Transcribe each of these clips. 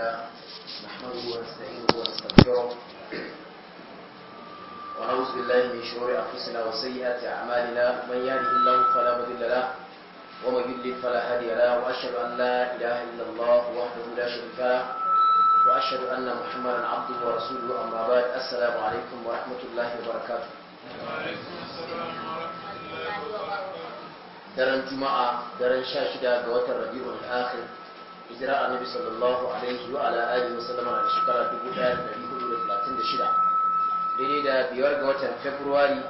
الله نحمده ونستعينه ونستغفره ونعوذ بالله من شرور انفسنا وسيئات اعمالنا من يهده الله فلا مضل له ومن يضلل فلا هادي له واشهد ان لا اله الا الله وحده لا شريك له واشهد ان محمدا عبده ورسوله اما بعد السلام عليكم ورحمه الله وبركاته وعليكم السلام ورحمه الله وبركاته daren juma'a daren 16 ga watan rabi'ul akhir hijira annabi sallallahu alaihi wa ala alihi wa sallama na shekara 1436 daidai da biyar ga watan february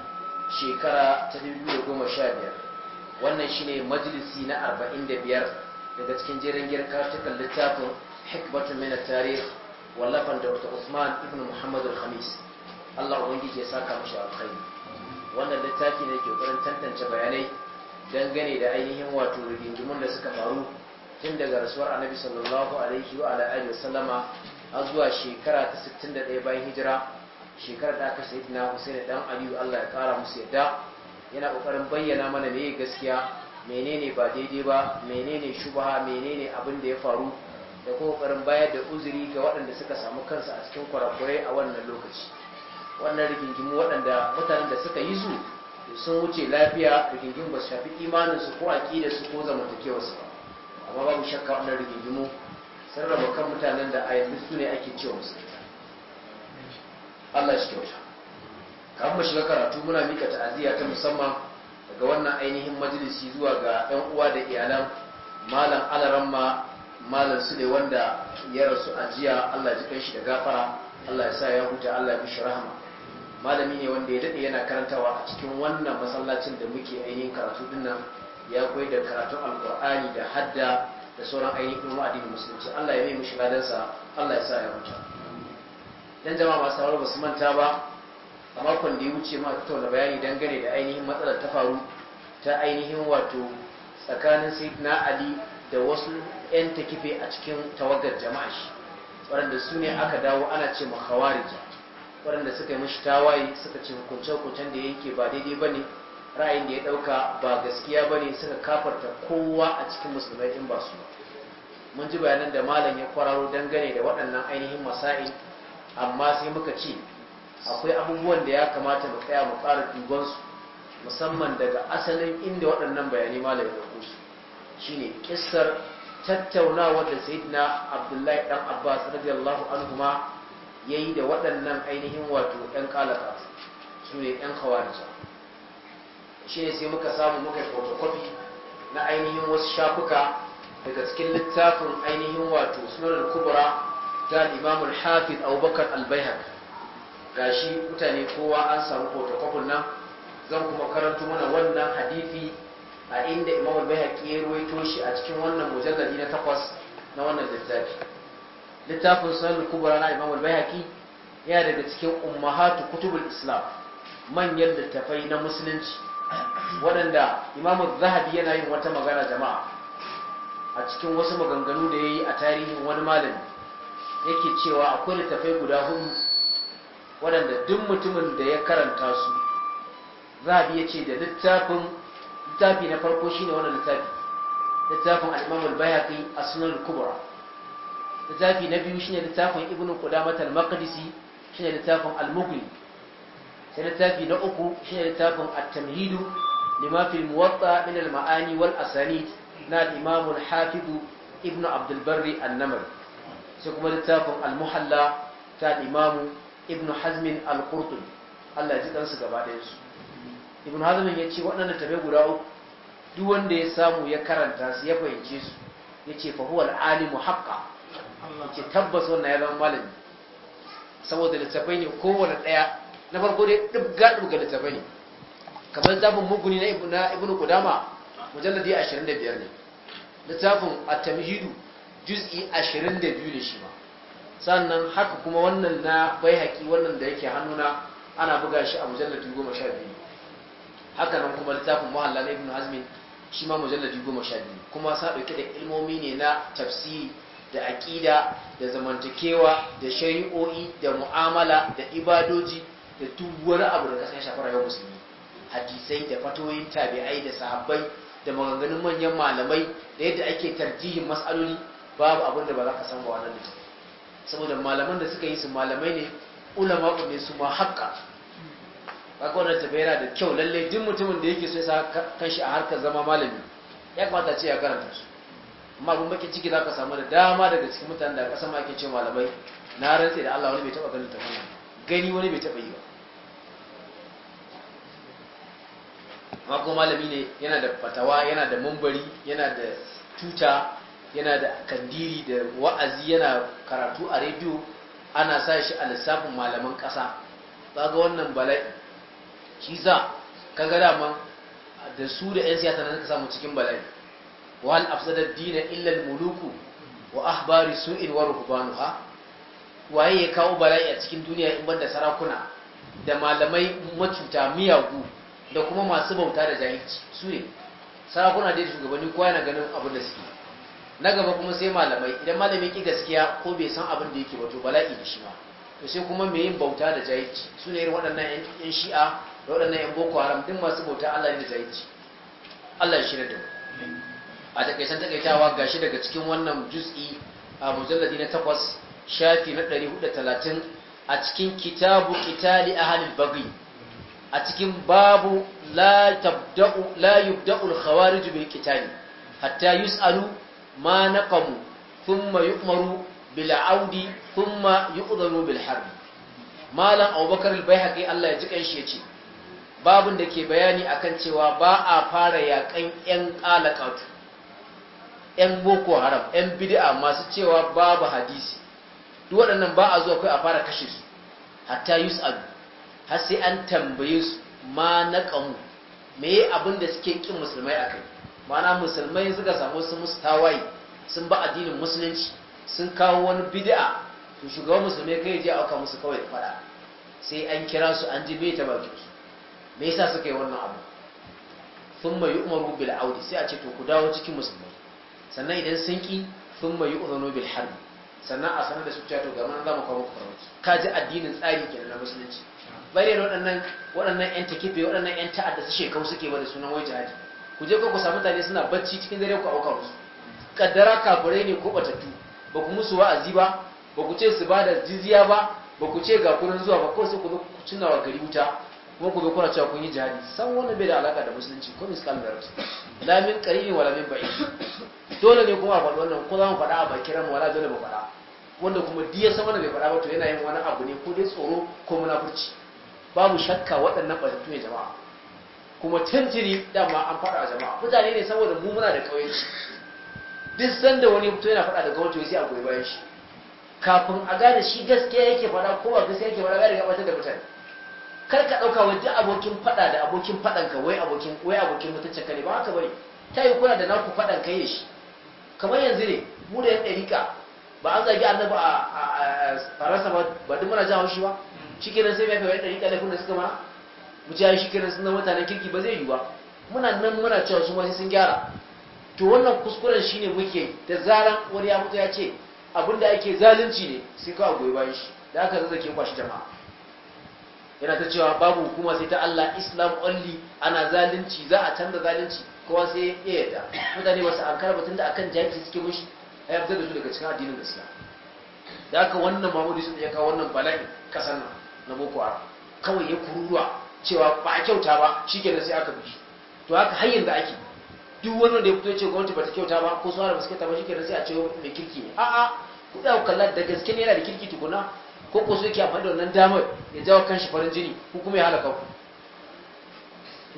shekara ta 2015 wannan shine majalisi na 45 daga cikin jerin girka tukan littafin mai na tarihi wallafan dr usman ibn muhammad al-khamis Allah ubangiji ya saka mashi alkhairi wannan littafi ne ke ƙoƙarin tantance bayanai dangane da ainihin wato rigingimun da suka faru tun daga rasuwar annabi sallallahu alaihi wa ala alihi Salama har zuwa shekara ta 61 bayan hijira shekarar da aka sayi na Hussein dan Aliyu Allah ya kara musu yadda yana kokarin bayyana mana yi gaskiya menene ba daidai ba menene shubha menene abin da ya faru da kuma kokarin bayar da uzuri ga waɗanda suka samu kansu a cikin kurakurai a wannan lokaci wannan rigingimu waɗanda mutanen da suka yi su sun wuce lafiya rigingimu ba su shafi imaninsu ko su ko zamantakewarsu ba amma babu shakka wannan rigingimu sun raba kan mutanen da a yanzu su ne ake cewa musulmi Allah shi kyauta kamar mu shiga karatu muna mika ta'aziyya ta musamman daga wannan ainihin majalisi zuwa ga ɗan uwa da iyalan malam alaramma malam su ne wanda ya rasu a jiya Allah ji shi da gafara Allah ya sa ya huta Allah ya bishi rahama malami ne wanda ya daɗe yana karantawa a cikin wannan masallacin da muke ainihin karatu dinnan ya koyar da karatun alkur'ani da hadda da sauran ayyukan addinin musulunci Allah ya yi mushi gadansa Allah ya sa ya huta dan jama'a masu sauraro basu manta ba a makon da ya wuce ma da bayani dangane da ainihin matsalar ta faru ta ainihin wato tsakanin sayyidina ali da wasu 'yan takife a cikin tawagar jama'a shi waɗanda su ne aka dawo ana ce ma khawarija waɗanda suka yi mashi tawaye suka ce hukunce-hukuncen da yake ba daidai ba ne ra'ayin da ya dauka ba gaskiya bane suka kafarta kowa a cikin musulmai in ba su mun ji bayanan da malam ya kwararo dangane da waɗannan ainihin masa'i amma sai muka ce akwai abubuwan da ya kamata mu tsaya mu ƙara duban su musamman daga asalin inda waɗannan bayanai malam ya dauko su shine kissar tattaunawa da sayyidina abdullahi dan abbas radiyallahu anhu ma yayi da waɗannan ainihin wato ɗan kalaka su ne ɗan khawarija shi sai muka samu muka photocopy na ainihin wasu shafuka daga cikin littafin ainihin wato sunan al-kubra ta imam al-hafiz abubakar al Ga shi mutane kowa an samu photocopy nan zan kuma karanto mana wannan hadifi a inda imam al-baihaqi ya ruwaito shi a cikin wannan mujalladi na takwas na wannan littafi littafin sunan kubura na imam al ki yana daga cikin ummahatu kutubul islam manyan littafai na musulunci waɗanda imamu zahabi yana yin wata magana jama'a a cikin wasu maganganu da ya yi a tarihin wani malami yake cewa akwai littafai guda hudu waɗanda duk mutumin da ya karanta su zahabi ya ce da littafin littafi na farko shine wannan littafi littafin al'imamu bayaki a sunan kubra littafi na biyu shine littafin ibnu kudamatar makadisi shi shine littafin al-mughni sai littafi na uku shi shine littafin at-tamhidu lima fil muwatta min al-ma'ani wal asanid na al-imam al-hafiz ibn abd al-barr an-namr sai kuma littafin al-muhalla ta al-imam ibn hazm al-qurtubi Allah ya ji kansu gaba ɗayan su ibn hazm ya ce waɗannan tabe guda uku duk wanda ya samu ya karanta su ya fahimce su yace fa huwa al-alimu haqqan yace tabbas wannan ya zama malami saboda littafai ne kowane ɗaya na farko dai dubga dubga ta ne kamar littafin muguni na ibnu kudama mujalladi 25 ne littafin at-tamhidu juz'i 22 ne shi ma sannan haka kuma wannan na bai baihaqi wannan da yake hannuna ana buga shi a mujalladi 12 haka nan kuma littafin muhalla na ibnu hazmin shi ma mujalladi 12 kuma sa dauke da ilmomi ne na tafsiri da aƙida da zamantakewa da shari'o'i da mu'amala da ibadoji da duk wani abu da kasan shafi rayuwar musulmi hadisai da fatoyin tabi'ai da sahabbai da maganganun manyan malamai da yadda ake tarjihin matsaloli babu abin da ba za ka san ba wannan littafi saboda malaman da suka yi su malamai ne ulama ne su ma haƙƙa kaga wannan da yana da kyau lalle duk mutumin da yake so ya sa kanshi a harkar zama malami ya kamata ce ya karanta su amma abin bakin ciki za ka samu da dama daga cikin mutanen da ƙasa ma ake ce malamai na rantse da Allah wani bai taɓa ganin ta wannan gani wani bai taɓa yi ba ma ko malami ne yana da fatawa yana da mambari yana da tuta yana da kandiri da wa'azi yana karatu a rediyo ana sa shi a lissafin malaman ƙasa ga wannan bala'i shi za ka ga dama da su da 'yan siyasa na kasa samu cikin bala'i hal afsadar dina illal muluku wa ahbari su'in wa ha waye ya kawo bala'i a cikin duniya in banda sarakuna da malamai macuta miyagu da kuma masu bauta da jahilci su ne sarakuna da shugabanni kowa yana ganin abin da suke na gaba kuma sai malamai idan malamai ki gaskiya ko bai san abin da yake wato bala'i da shi ma to sai kuma mai yin bauta da jahilci su ne waɗannan yan shi'a da waɗannan yan boko haram duk masu bauta Allah ne da jahilci Allah ya shirya da mu a takaitan takaitawa gashi daga cikin wannan juz'i a mujalladi na takwas shafi na 430 a cikin kitabu qitali ahlil baghi a cikin babu la tabda'u la yubda'u al-khawarij bil qitali hatta yus'alu ma naqamu thumma yu'maru bil audi thumma yu'dharu bil harb malam abubakar al bayhaqi Allah ya ji kanshi yace babun da ke bayani akan cewa ba a fara yakan yan qalaqatu yan boko haram yan bid'a masu cewa babu hadisi duk waɗannan ba a zo kai a fara kashe su hatta yus'alu har sai an tambaye su ma na ƙamu me abin da suke ƙin musulmai a kai mana musulmai suka samu su musu tawaye sun ba addinin musulunci sun kawo wani bid'a to shugaban musulmai kai je auka musu kawai da fada sai an kira su an ji bai ta bakin me yasa suka yi wannan abu mai umaru bil audi sai a ce to ku dawo cikin musulmai sannan idan sun ki mai yu'zanu bil harbi sannan a sanar da su cewa to ga mun za mu kawo ku farmaki ka ji addinin tsari kenan na musulunci bare da waɗannan waɗannan ƴan takife waɗannan ƴan ta'adda su shekau suke wani sunan wai jihadi ku je ku samu mutane suna bacci cikin dare ku auka musu kaddara kafirai ne ko batattu ba ku musu wa'azi ba ba ku ce su ba da jizya ba ba ku ce ga kurin zuwa ba ko sai ku zo ku cinna wa gari wuta kuma ku zo kuna cewa kun yi jihadi san wannan bai da alaka da musulunci ko miskal da la min karimi wala min bai dole ne kuma a faɗi wannan ko za mu faɗa a bakin ran wala dole mu faɗa wanda kuma diya sama da bai faɗa ba to yana yin wani abu ne ko dai tsoro ko munafurci babu shakka waɗannan ɓatattu ne jama'a kuma tantiri dama an faɗa a jama'a mutane ne saboda mu muna da ƙauyenci duk sanda wani mutum yana faɗa da gwamnati wasu a goyi bayan shi kafin a gane shi gaskiya yake faɗa ko ba gaskiya yake faɗa gane ɓatar da mutane kar ka ɗauka wani abokin faɗa da abokin faɗanka wai abokin wai abokin mutuncin ka ne ba haka bane ta yi kuna da naku faɗan kai shi kamar yanzu ne mu da yan ɗarika ba an zagi annabi a faransa ba duk muna jin haushi ba shikenan sai mai kawai bayan dariƙa laifin da suka mana mu ce shikenan sun zama mutanen kirki ba zai yi ba muna nan muna cewa su ma sai sun gyara to wannan kuskuren shine muke da zaran wani ya mutu ya ce abinda ake zalunci ne sai kawai goyi bayan shi da aka zazzake kwashi jama'a yana ta cewa babu hukuma sai ta Allah Islam only ana zalunci za a canza zalunci kowa sai ya yarda mutane ba su ankara batun da akan jahilci suke mushi a yabda da su daga cikin addinin gaskiya da aka wannan Muhammadu sun ya kawo wannan bala'i kasar nan na boko haram kawai ya kururuwa cewa ba a kyauta ba shi kenan sai aka bugi to haka har da ake duk wani da ya fito ce gwamnati ba ta kyauta ba ko su kyauta suka shi kenan sai a ce mai kirki ne a'a ku da kalla da gaske ne yana da kirki tukuna ko ko su yake amfani da wannan damar ya jawo kanshi farin jini ko kuma ya halaka ku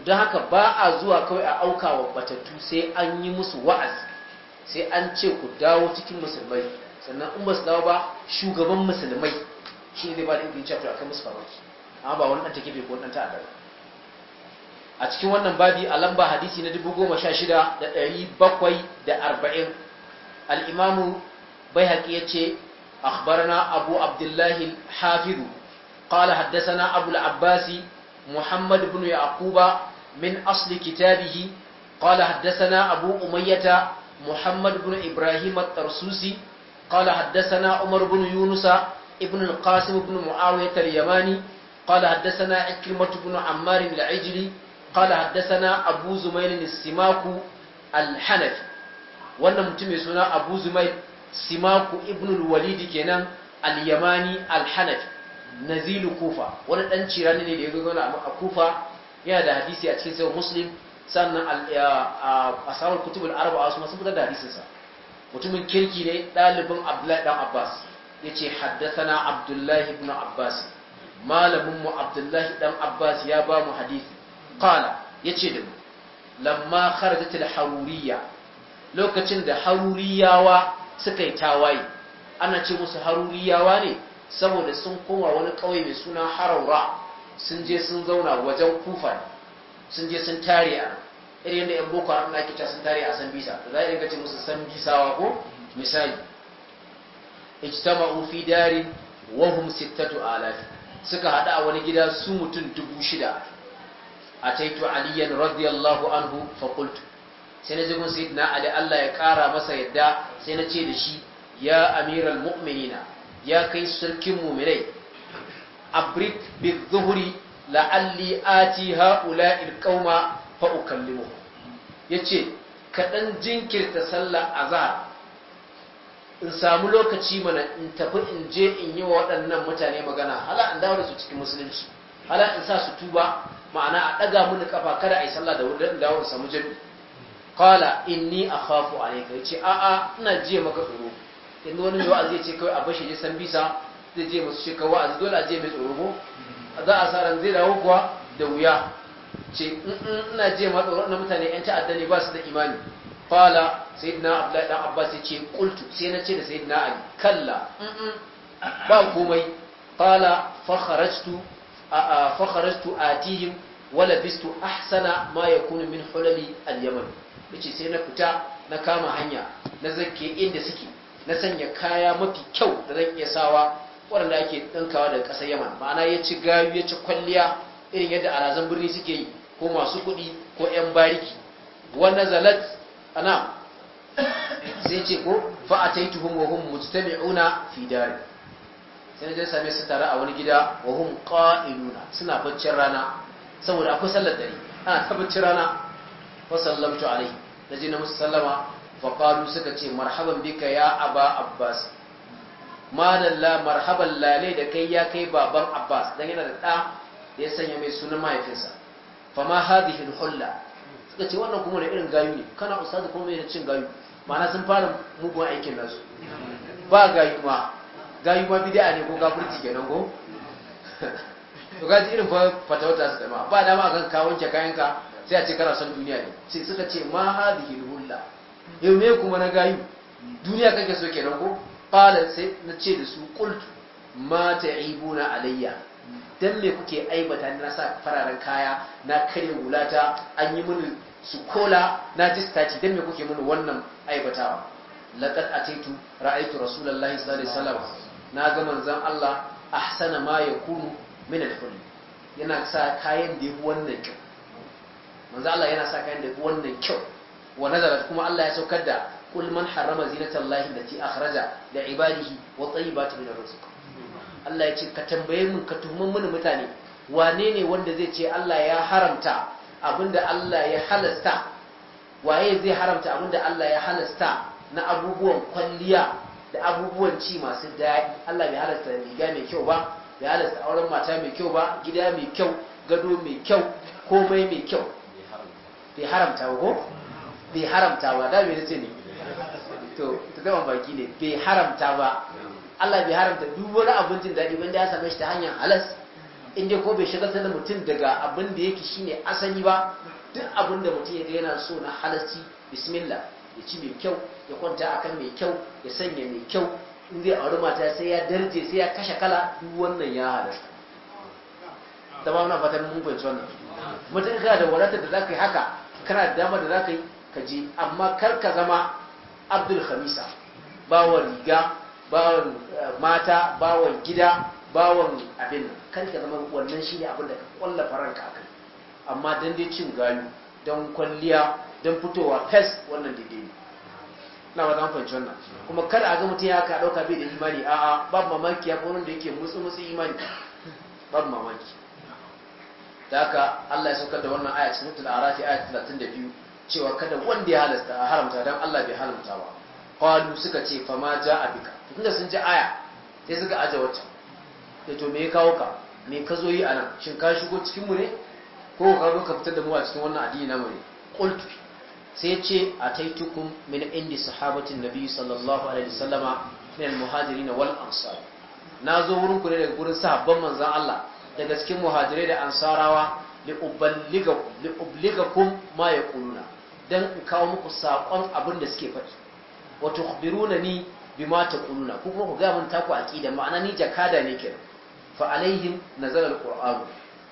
don haka ba a zuwa kawai a auka wa batattu sai an yi musu wa'azi sai an ce ku dawo cikin musulmai sannan in ba su dawo ba shugaban musulmai shi ne ba da izini cewa a akai musu farmaki amma ba wani dan take bai ko dan ta'adda a cikin wannan babi a lamba hadisi na 16740 al-imam baihaqi yace akhbarana abu abdullahi al-hafiz qala haddathana abu al'abbasi abbas muhammad ibn yaquba min asli kitabihi qala haddathana abu umayyah محمد بن إبراهيم الترسوسي قال حدثنا عمر بن يونس Ibnul القاسم بن معاوية اليماني قال حدثنا عكرمة بن عمار العجلي قال حدثنا أبو زميل السماك wannan mutum suna abu simaku ibnul walidi kenan al-yamani al-hanafi nazilu kufa wani dan cirani ne da ya gaggauna a kufa yana da hadisi a cikin sayo muslim sannan a samun kutubul a wasu masu fitar da hadisinsa mutumin kirki ne ɗalibin abdullahi dan abbas yace haddathana abdullahi ibn abbas malamin mu abdullahi dan abbas ya ba mu hadisi qala yace da mu lamma kharajat al lokacin da haruriyawa suka yi tawaye ana ce musu haruriyawa ne saboda sun koma wani kauye mai suna haraura sun je sun zauna wajen kufa sun je sun tare a irin da yan boko haram na kita sun tare a san bisa za a dinga ce musu san bisawa ko misali ijtama'u fi darin wa hum sittatu alaf suka hada a wani gida su mutum dubu shida ataitu aliyan radiyallahu anhu fa qultu sai na jibin sayyidina ali Allah ya kara masa yadda sai na ce da shi ya amiral mu'minina ya kai sarkin mu'minai abrik bi zuhuri la'alli ati ha'ula'il qauma fa ukallimuhum yace kaɗan jinkirta sallar azhar in samu lokaci mana in tafi in je in yi wa waɗannan mutane magana hala in dawo da su cikin musulunci hala in sa su tuba ma'ana a ɗaga mini kafa kada a yi sallah da wurin dawo in samu jami kala inni a alayka yace a a ina je maka tsoro yanzu wani wa'azi zai ce kawai a bashi je san bisa zai je masu shi wa'azi a dole a je mai tsoro ko za a sa ran zai dawo kuwa da wuya ce ina je ma tsoro na mutane yan ta'adda ne ba su da imani qala sayyidina abdullahi dan abbas yace qultu sai na ce da sayyidina ali kalla ba komai Fala fa kharajtu fa kharajtu atihim wa labistu ahsana ma yakunu min hulali al-yaman yace sai na fita na kama hanya na zakke inda suke na sanya kaya mafi kyau da zan iya sawa waɗanda ake ɗankawa daga ƙasar yaman ma'ana ya ci gayu ya ci kwalliya irin yadda alazan birni suke yi ko masu kuɗi ko 'yan bariki wani zalat ana sai ce ko fa ataituhum wa hum mujtami'una fi fidari. sai na je mai su tare a wani gida wa hum suna baccin rana saboda akwai sallar dare ana ta baccin rana Wa sallamtu alaihi ji na musu sallama faƙaru suka ce marhaban bika ya aba abbas madalla marhaban lale da kai ya kai baban abbas dan yana da ɗa da ya sanya mai sunan mahaifinsa fama hadhihi al-hulla suka ce wannan kuma da irin gayu ne kana ustazu kuma yana cin gayu ma'ana sun fara mugun aikin nasu ba gayu ma gayu ma bid'a ne ko ke kenan ko to gaji irin fatawata su dama ba dama akan ka wanke kayanka sai a ce kana son duniya ne sai suka ce ma hadhihi hulla yau me kuma na gayu duniya kake so kenan ko qala sai na ce da su qultu ma ta'ibuna alayya dan me kuke aibata na sa fararen kaya na kare wulata an yi mini su kola na jistaci don dan me kuke mini wannan aibatawa laqad ataitu ra'aytu rasulullahi sallallahu alaihi wasallam na ga manzon Allah ahsana ma yakunu min al-khulq yana sa kayan da yafi wannan kyau manzon Allah yana sa kayan da yafi wannan kyau wa nazara kuma Allah ya saukar da kul man harrama zinatallahi allati akhraja li ibadihi wa tayyibati min ar-rizq Allah ya ce ka tambaye mun ka tuhumin mun mutane wane ne wanda zai ce Allah ya haramta abinda Allah ya halasta waye zai haramta abinda Allah ya halasta na abubuwan kwalliya da abubuwan ci masu daɗi Allah bai halasta riga mai kyau ba bai halasta auren mata mai kyau ba gida mai kyau gado mai kyau komai mai kyau bai haramta ba ko bai haramta ba da bai ce ne to ta baki ne bai haramta ba Allah bai haramta duk wani abincin daɗi wanda ya same shi ta hanyar halas in dai ko bai shigar da mutum daga abin da yake shine asali ba duk abin da mutum ya ga so na halasci bismillah ya ci mai kyau ya kwanta akan mai kyau ya sanya mai kyau in zai auri mata sai ya darje sai ya kashe kala duk wannan ya halarta da ba muna fatan mun fahimci wannan mutum kana da wadatar da zaka yi haka kana da damar da zaka yi ka je amma kar ka zama abdul khamisa riga bawan eh, mata bawan gida bawan abin kan ka zama wannan shi ne abin da ka kwalla faranka akai amma don dai cin gani don kwalliya don fitowa fes wannan daidai na ba mu fahimci wannan kuma kada a ga mutum ya ka dauka bai da imani a'a babu mamaki ya kwanon da yake musu musu imani babu mamaki da haka Allah ya saukar da wannan aya cikin mutul arafi aya 32 cewa kada wanda ya halasta a haramta don Allah bai haramta ba kwalu suka ce fama ja a bika tunda sun ji aya sai suka aje wata da eh, to me ya kawo ka me ka zo yi nan shin ka shigo cikin mu ne ko ka zo ka fitar da mu a cikin wannan addini namu ne qultu sai ce a taitukun min indi sahabatin nabi sallallahu alaihi wasallama min al-muhajirin wal ansar na zo wurin ku ne daga gurin sahabban manzon Allah daga cikin muhajirai da ansarawa li'ubligakum ma yaquluna dan in kawo muku sakon abin da suke faɗi wa ni bima taquluna ko kuma ku ga mun taku aqida ma'ana ni jakada ne kin fa alaihim nazala alquran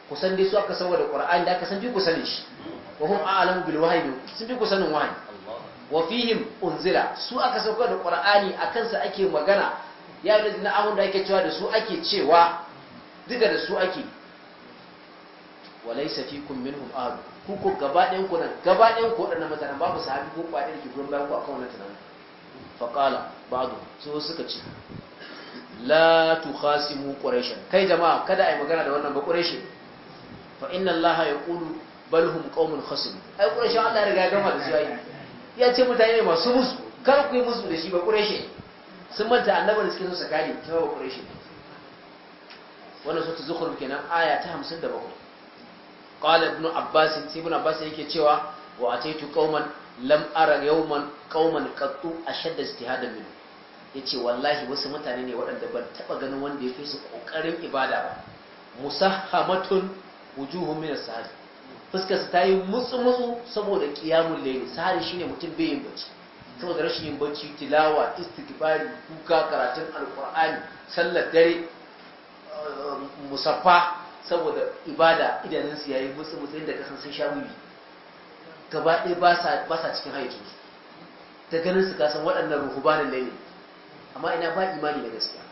ku san dai su aka sawa da qur'ani da aka san bi ku sanin shi wa hum a'lam bil wahyi sun bi ku sanin wahyi wa fihim unzila su aka sawa da qur'ani akan sa ake magana ya yi da ahun da ake cewa da su ake cewa diga da su ake wa laysa fikum minhum ahad ku ku gaba ɗayan ku nan gaba ɗayan ku waɗannan mutanen babu sahabi ko kwadin da ke gurin bayan ku akan wannan tunanin faƙala Bado su suka ci. la tukhasimu quraishan kai jama'a kada ai magana da wannan ba quraishi fa inna allaha yaqulu bal hum qaumun khasim ai quraishi Allah ya riga ya gama da su yayi ya ce mutane masu musu kar ku yi musu da shi ba quraishi sun manta annabi da suke so sakali ta ba quraishi wannan sura zukhruf kenan aya ta 57 qala ibn abbas ibn abbas yake cewa wa ataitu qauman lam ara yawman qauman qattu ashadda ijtihadan min yace wallahi wasu mutane ne waɗanda ban taba ganin wanda ya fi su kokarin ibada ba musahhamatun wujuhum min as-sahar fuskar su tayi musu-musu saboda qiyamul layl sahar shine mutum bai yin bacci saboda rashin yin bacci tilawa istighfari kuka karatun alqur'ani sallar dare uh, musaffa saboda ibada idanunsu yayi musu-musu, inda kasan sun sha gaba ɗaya ba sa cikin haicinsu ta ganin su kasan waɗannan ruhubanin ne amma ina ba imani da gaskiya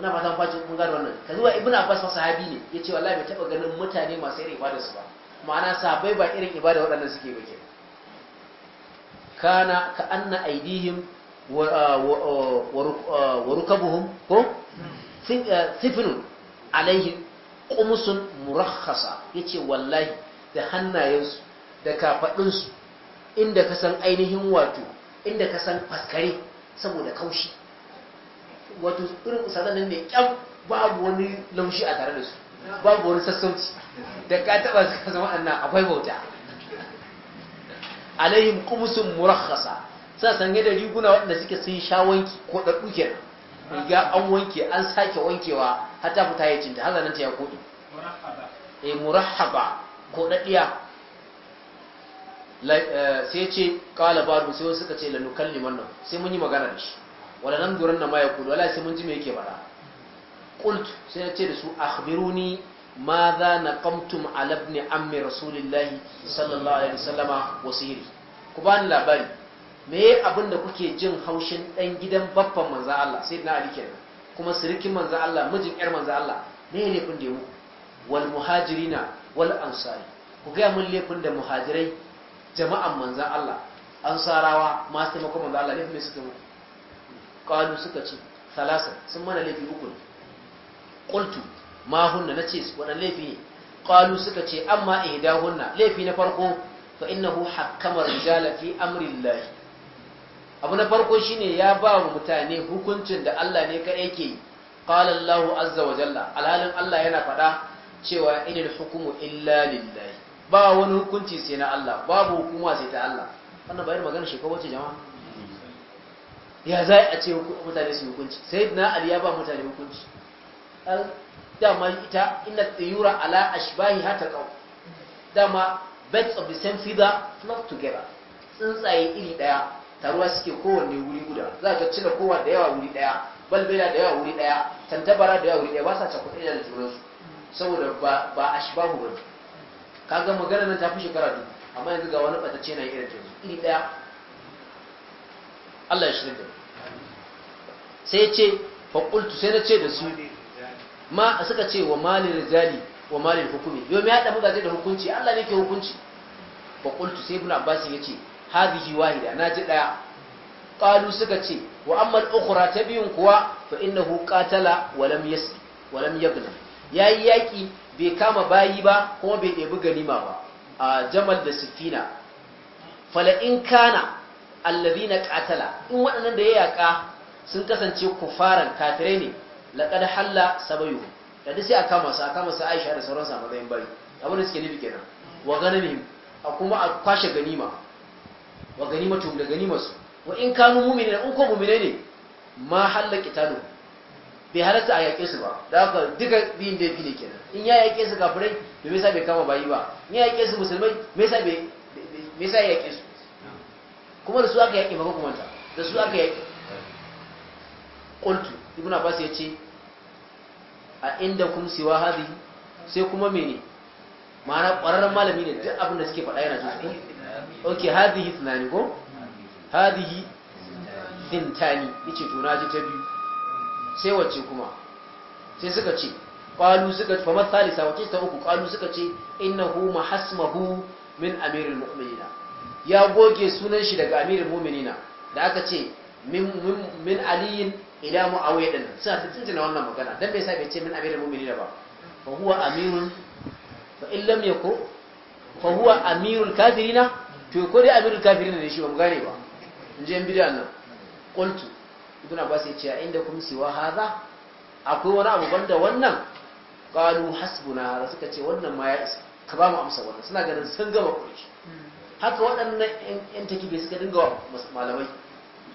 ina ta fashin kun gano wannan ka zuwa ibina abbas fa sahabi ne ya ce wallahi bai taɓa ganin mutane masu irin ibada su ba ma'ana sabai ba irin ibada waɗannan suke ba kenan kana ka anna aidihim wa rukabuhum ko eh, sifinu alaihim qumsun murakhasa yace wallahi da hannayensu da kafaɗinsu inda ka san ainihin wato inda ka san faskare saboda kaushi wato irin sanannen ne kyam babu wani laushi a tare da su babu wani sassauci da ka taba su ka zama annan akwai bauta alayhim kumusun murakhasa sa san yadda riguna waɗanda suke sun sha wanki ko da riga an wanke an sake wankewa har fita yacin ta ta ya kodi eh murahaba ɗiya eh, sai ce kala badu sai wasu ka ce lanu liman nan sai mun yi magana da shi wala nan duran na ma kudu wala sai mun ji mai yake bara ƙult sai ya ce da su akhbiruni ماذا نقمتم على ابن عم sallallahu alaihi صلى الله عليه ku ba ni labari. me abin da kuke jin haushin ɗan gidan babban manza Allah sai na alike kenan kuma sirikin manza Allah mijin ƴar manza Allah me ne laifin da mu wal muhajirina wal ansari ku gaya mun laifin da muhajirai jama'an manzan Allah ansarawa masu taimakon manzan Allah laifin suka kuma qalu suka ce salasa sun mana laifi uku qultu ma hunna nace wadan laifi ne qalu suka ce amma hunna laifi na farko fa innahu hakkama rijala fi amri Allah abu na farko shine ya ba wa mutane hukuncin da Allah ne ka yake qala Allah azza wa jalla alhalin Allah yana faɗa. cewa inil hukumu illa lillahi ba wani hukunci sai na Allah babu hukuma sai ta Allah wannan bayar magana shi ko wace jama'a ya zai a ce mutane su hukunci sayyidina ali ya ba mutane hukunci al dama ita inna tsayura ala ashbahi hata qaw dama birds of the same feather flock together tsuntsaye iri daya taruwa suke kowanne wuri guda za ka cire kowa da yawa wuri daya balbela da yawa wuri daya tantabara da yawa wuri daya ba sa cakuɗe da junansu saboda ba a ba ashbahu bane kaga magana nan ta fi shekara dubu amma yanzu ga wani batacce na irin ta iri daya Allah ya shirin da sai ya ce faƙultu sai na ce da su ma a suka ce wa malin rizali wa malin hukumi yau mai haɗa mugaje da hukunci Allah ne ke hukunci faƙultu sai ibn abbas ya ce hadhihi wahida na ji daya qalu suka ce wa amma al-ukhra ta biyun kuwa fa innahu qatala wa lam yasbi wa lam ya yi yaƙi bai kama bayi ba kuma bai ɗebi ganima ba a jamal da sifina fala'in kana allazi na ƙatala in waɗannan da ya yaƙa sun kasance kufaran kafirai ne laƙar halla sabayu da duk sai a kama su a kama su aisha da sauransu a matsayin bayi abin da suke nufi kenan wa gananihim a kuma a kwashe ganima wa ganima tum da ganima su wa in kanu mu'minina in ko mu'mine ne ma halla kitanu bai halatta a yaƙe su ba da haka duka biyun da ne kenan in ya yaƙe su kafirai da mesa bai kama bayi ba in ya yaƙe su musulmai mesa bai me ya yaƙe su kuma da su aka yaƙe maka kuma da su aka yaƙe qultu ibn abbas ce a inda kum siwa hadi sai kuma mene ma'ana ƙwararren malami ne duk abin da suke faɗa yana su su ok hadihi tunani ko hadihi zintani yace to na ji ta biyu sai wacce kuma sai suka ce qalu suka fa masalisa wacce ta uku qalu suka ce innahu mahasmahu min amirul mu'minina ya goge sunan shi daga amirul mu'minina da aka ce min min aliyin ila muawiya din suna ta tuntuna wannan magana dan bai sai bai ce min amirul mu'minina ba fa huwa amirun fa in lam yakun fa huwa amirul kafirina to ko dai amirul kafirina ne shi ba mu gane ba in je in bidiyan nan qultu ibn abbas ya ce inda kuma siwa haza akwai wani abu banda wannan qalu hasbuna haza suka ce wannan ma ya isa ka ba mu amsa wannan suna ganin sun gaba kurki haka waɗannan yan takibe suka dinga wa malamai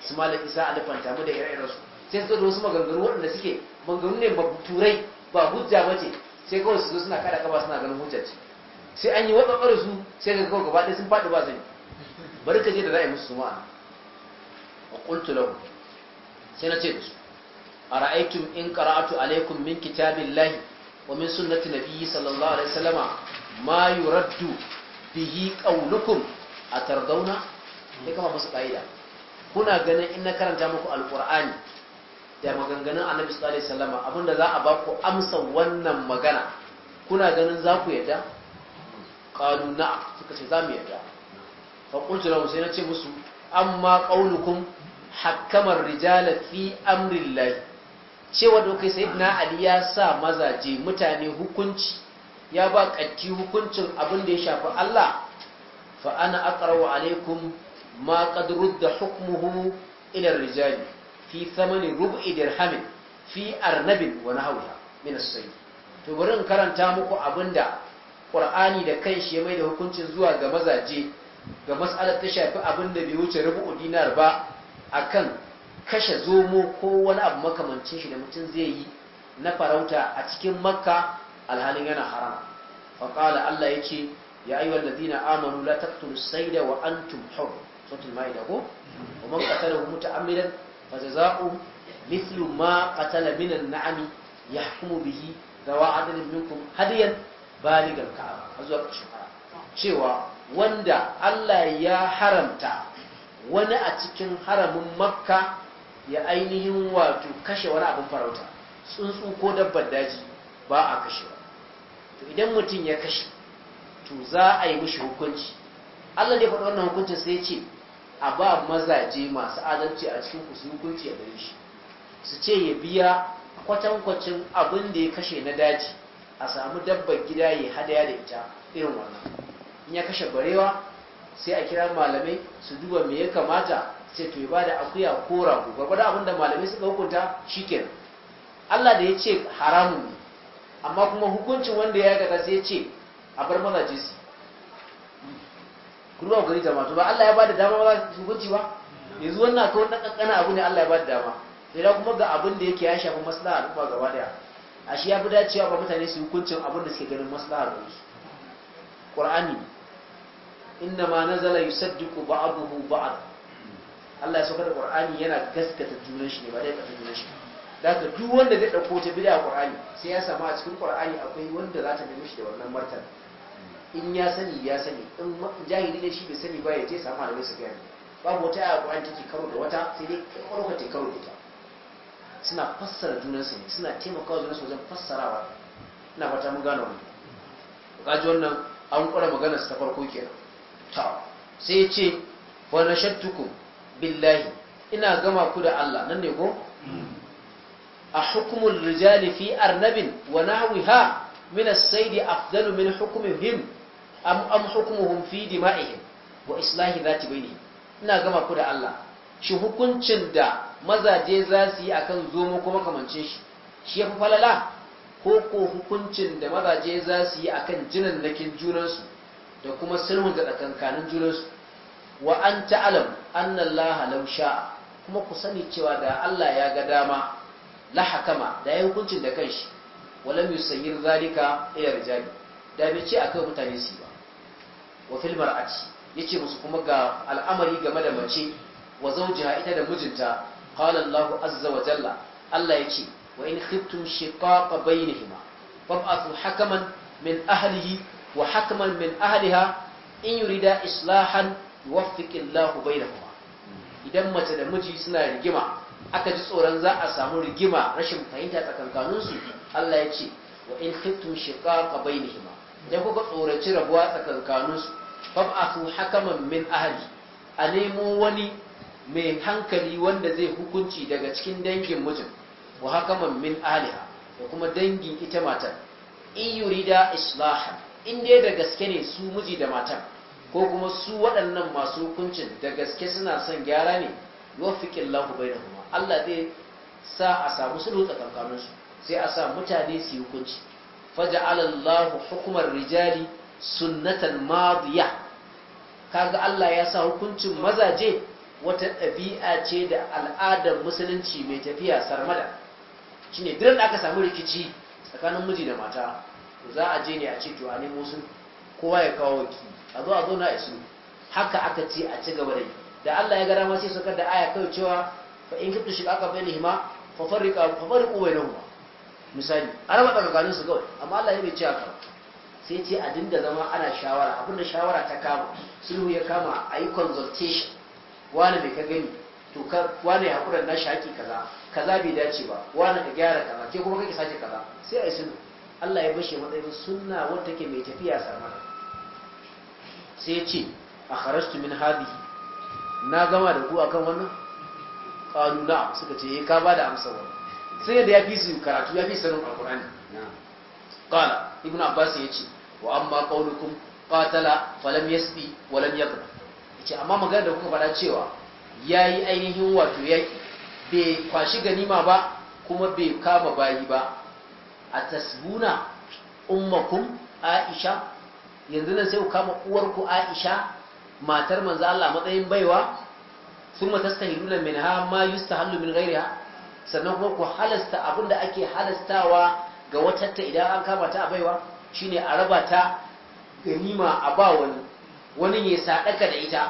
su malam isa alifan mu da ire su sai suka da wasu maganganu waɗanda suke maganganu ne ba turai ba hujja ba ce sai kawai su zo suna kada kaba suna ganin hujja ce sai an yi waɗannan su sai ga kawai gaba ɗaya sun faɗi ba zai bari ka je da za a yi musu ma'ana a ƙuntu lahu sai na ce da su ara'aytum in karatu alaikun min lahi wa min sunnati nabiyyi sallallahu alaihi salama ma yuraddu bihi a targauna. Ya kafa musu kaida kuna ganin in na karanta muku Alƙur'ani da maganganun annabi sallallahu alaihi salama abinda za a ba ku amsa wannan magana kuna ganin za ku yadda qalu na'am suka ce za mu yadda fa qultu sai na ce musu amma ƙaunukun. hakamar rijala fi amrin lai cewa dokai sayyidina ali ya sa mazaje mutane hukunci ya ba katti hukuncin abin da ya shafi Allah fa ana aqra'u alaikum ma qad rudda hukmuhu ila rijali fi thamani rub'i dirhamin fi arnabin wa nahawha min as to bari in karanta muku abinda Qur'ani da kanshi ya mai da hukuncin zuwa ga mazaje ga mas'alar ta shafi abin da bai wuce rubu'u dinar ba akan kashe zomo ko wani abu makamancin shi da mutum zai yi na farauta a cikin makka alhalin yana harama. faƙala allah ya ce ya ayi wallazina amanu la sai da wa antum hur sautul maida ko wa mutu amiran ba fa jazaa'u mislu ma qatala minan na'ami naami yahkumu bihi wa adalin minkum hadiyan baligal ka'aba azwa cewa wanda allah ya haramta wani a cikin haramin makka ya ainihin wato kashe wani abin farauta tsuntsu ko dabbar daji ba a kashewa to idan mutum ya kashe to za a yi mishi hukunci Allah ne faɗi wannan hukuncin sai ce a ba mazaje masu adalci a cikin kusur hukunci a gari shi su ce ya biya kwatankwacin abin da ya kashe na daji a samu dabbar gida ya hadaya da ita irin wannan in ya kashe barewa sai a kira malamai su duba me ya kamata sai to ba da akuya ko rago gwargwadon abin da malamai suka hukunta shikenan Allah da ya ce haramun ne amma kuma hukuncin wanda ya gada sai ya ce a bar ce su kuma ba gari jama'a to ba Allah ya bada dama ba hukunci ba yanzu wannan kawai dan kankana abu ne Allah ya bada dama sai da kuma ga abin da yake ya shafi maslaha al'umma gaba daya shi ya fi dacewa ba mutane su hukuncin abin da suke ganin maslaha ga su ne inna ma nazala yusaddiqu ba'dahu ba'd Allah ya saukar da Qur'ani yana gaskata junan shi ne ba dai kafin junan shi ka duk wanda zai dauko ta bid'a Qur'ani sai ya samu a cikin Qur'ani akwai wanda za ta nemi shi da wannan martaba in ya sani ya sani in jahili ne shi bai sani ba ya ce samu da su gani babu wata aya Qur'ani take karo da wata sai dai ƙwarƙwata take karo da ta. suna fassara junansu ne suna taimakawa su wajen fassarawa ina fata mun gane wannan ji wannan an ƙware magana ta farko kenan ta sai ya ce wa billahi ina gama ku da Allah nan ne ko hmm. a hukumul rijali fi arnabin wa nahwiha min as-sayd afdalu min hukmihim am am hukmuhum fi dima'ihim wa islahi bai bainihim ina gama ku da Allah shi hukuncin da mazaje za su yi akan zomo kuma kamance shi shi ya fi falala ko ko hukuncin da mazaje za su yi akan jinan nakin junansu da kuma sulhu da tsakankanin junansu wa an ta'alam annallaha law sha'a kuma ku sani cewa da Allah ya ga dama la hakama da ya hukuncin da kanshi walam yusayyir zalika ila rijali da bai ce akai mutane su ba wa fil mar'ati yace musu kuma ga al'amari game da mace wa zawjiha ita da mijinta qala Allah azza wa jalla Allah yace wa in khiftum shiqaqa bainihima fab'athu hakaman min ahlihi wa hakaman min ahliha in yurida islahan yuwaffiqillahu bainahuma idan mace da miji suna rigima aka ji tsoron za a samu rigima rashin fahimta tsakankaninsu Allah ya ce wa in khiftum shiqaqa bainahuma da kuka tsoraci rabuwa tsakankaninsu fab'athu hakaman min ahli a nemo wani mai hankali wanda zai hukunci daga cikin dangin mijin wa hakaman min ahliha da kuma dangin ita matar in yurida islahan in dai da gaske ne su miji da mata ko kuma su waɗannan masu hukuncin da gaske suna son gyara ne bai da kuma. Allah zai sa a samu sulhu tsakankanin ƙanƙanunsu, sai a sa mutane su yi hukunci faja alallahu hukumar rijali sunnatan maziya kaga Allah ya sa hukuncin mazaje wata ɗabi'a ce da al'adar musulunci mai tafiya sarmada shine duk da aka samu rikici tsakanin miji da mata za a je ne a ce to a nemo kowa ya kawo waki a zo a zo na isu haka aka ce a ci gaba da yi da Allah ya gara masu sai saukar da aya kai cewa fa in kifta shi aka bayyana hima fa fari fa farriqu bainahuma misali an raba tsakanin su kawai amma Allah ya bai ce haka sai ce a dinda zama ana shawara abinda shawara ta kama sulhu ya kama a yi consultation wani mai ka gani to ka wani ya hakuran na haƙi kaza kaza bai dace ba wani ka gyara kaza ke kuma kake sake kaza sai a yi sulhu Allah ya bashi matsayin sunna wadda ke mai tafiya sama sai ya ce a kharashtu min hadi na gama da ku akan wannan qalu na suka ce eh ka da amsa wannan sai da ya fi su karatu ya fi sanin alqur'ani qala ibnu abbas ya ce wa amma qaulukum qatala lam yasbi wa lam yaqra yace amma magana da kuka fara cewa yayi ainihin wato yaki bai kwashi ganima ba kuma bai kama bayi ba a tasbuna ummakum aisha yanzu nan sai ku kama uwarku aisha matar manzo Allah matsayin baiwa thumma tastahiluna minha ma yustahallu min ghairiha sannan kuma ku halasta abinda ake halastawa ga watatta idan an kama ta a baiwa shine a raba ta ganima a ba wani wani ya sadaka da ita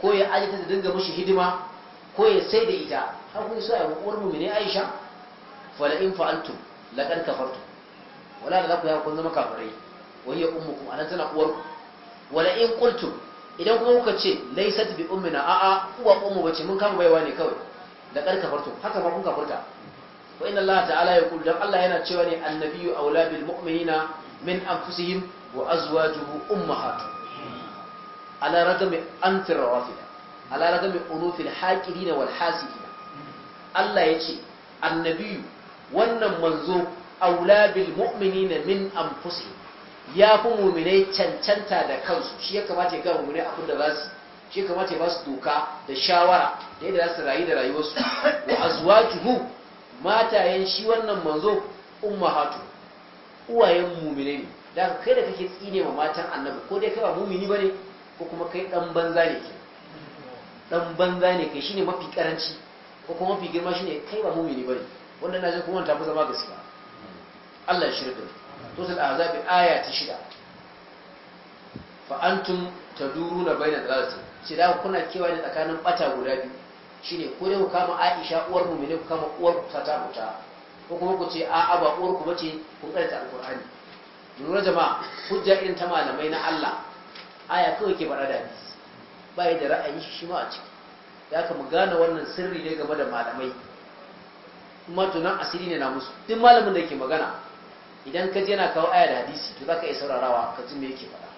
ko ya ajita ta dinga mishi hidima ko ya sai da ita har kun so a uwar mu ne Aisha fala in fa'altum laqad kafartu wala la ku ya kun zama kafirai ya hiya ummukum anan tana uwarku wala in qultum idan kuma kuka ce laysat bi ummina a a uwa ummu bace mun kama baiwa ne kawai laqad kafartu haka ba kun kafarta wa inna Allah ta'ala yaqul don Allah yana cewa ne annabiyyu aula bil mu'minina min anfusihim wa azwajuhu ummahatu ala ragami anfir rawafida ala ragami unufil haqirina wal hasibina Allah ya ce annabiyu wannan manzo aula bil mu'minina min anfusihim ya fi muminai cancanta da kansu shi ya kamata ya ga muminai abin da za su shi ya kamata ya ba su doka da shawara da yadda za su rayu da rayuwarsu wa azwajuhu matayen shi wannan manzo ummahatu uwayen muminai ne da kai da kake tsine ma matan annabi ko dai kai ba mumini bane ko kuma kai dan banza ne ke dan banza ne kai shine mafi karanci ko kuma mafi girma shine kai ba mumini bane wannan na jin wanda ta fi zama gaskiya Allah ya shirka sosai azabi aya ta shida fa antum taduruna bayna dalalati shi da kuna kewaye tsakanin bata guda biyu shine ko dai ku kama Aisha uwar mu'mini ku kama uwar ku ta muta ko kuma ku ce a'a ba uwar ku bace ku karanta alqur'ani lura jama'a hujja irin ta malamai na Allah aya kawai ke faɗa da hadisi ba da ra'ayi shi ma a ciki da aka mu gane wannan sirri ne game da malamai kuma nan asiri ne na musu duk malamin da yake magana idan ka je na kawo aya da hadisi to zaka iya saurarawa ka ji me yake faɗa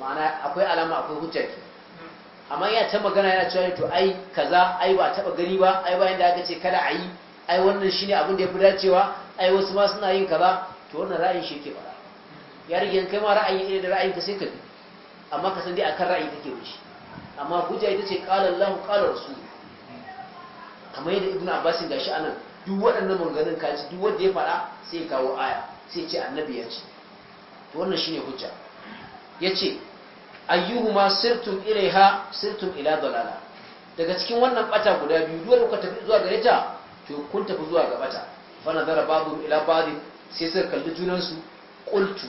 ma'ana akwai alama akwai hujja ke amma ya ta magana yana cewa to ai kaza ai ba taba gani ba ai bayan da aka ce kada a yi ai wannan shine abin da ya fi dacewa ai wasu ma suna yin kaza to wannan ra'ayin shi yake faɗa ya rige kai ma ra'ayi ne da ra'ayin ka sai ka bi amma ka san dai akan ra'ayi kake wuce amma hujja ita ce qala Allahu qala rasul kamar yadda ibnu abbasin gashi anan duk waɗannan maganganun kaji duk wanda ya faɗa sai ya kawo aya sai ce annabi ya ce to wannan shine hujja yace ayyuhuma sirtum ilaiha sirtum ila dalala daga cikin wannan bata guda biyu duk kuka tafi zuwa gare ta to kun tafi zuwa ga bata fa nazara ba'dhum ila ba'dhin sai suka kalli junansu qultu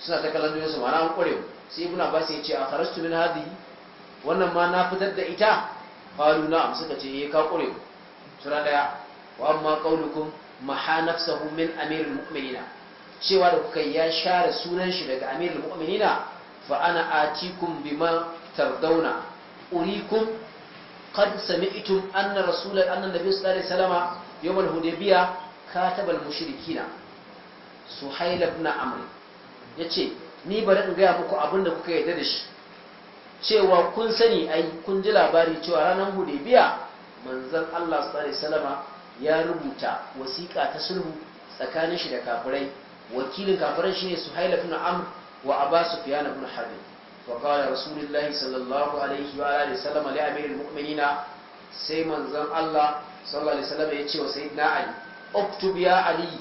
suna ta kallon junansu mana an kurewa sai ibnu abbas ya ce a kharastu min hadhihi wannan ma na fitar da ita qalu na'am suka ce ya eh, ka kurewa sura daya wa amma qaulukum maha nafsahu min amirul mu'minina cewa da kuka ya share sunan shi daga amirul mu'minina fa ana atikum bima tardawna urikum qad sami'tum anna rasul anna nabiy sallallahu alaihi wasallam yawm al yace ni bari in gaya muku abinda kuka yarda da shi cewa kun sani ai kun ji labari cewa ranar hudaybiyah manzon Allah sallallahu alaihi wasallam ya rubuta wasiƙa ta sulhu tsakanin shi da kafirai wakilin kafirai shine suhail ibn amr wa abu sufyan ibn harb wa qala rasulullahi sallallahu alaihi wa alihi wasallam li amiril mu'minina sai manzon Allah sallallahu alaihi wasallam ya ce wa sayyidina ali uktub ya ali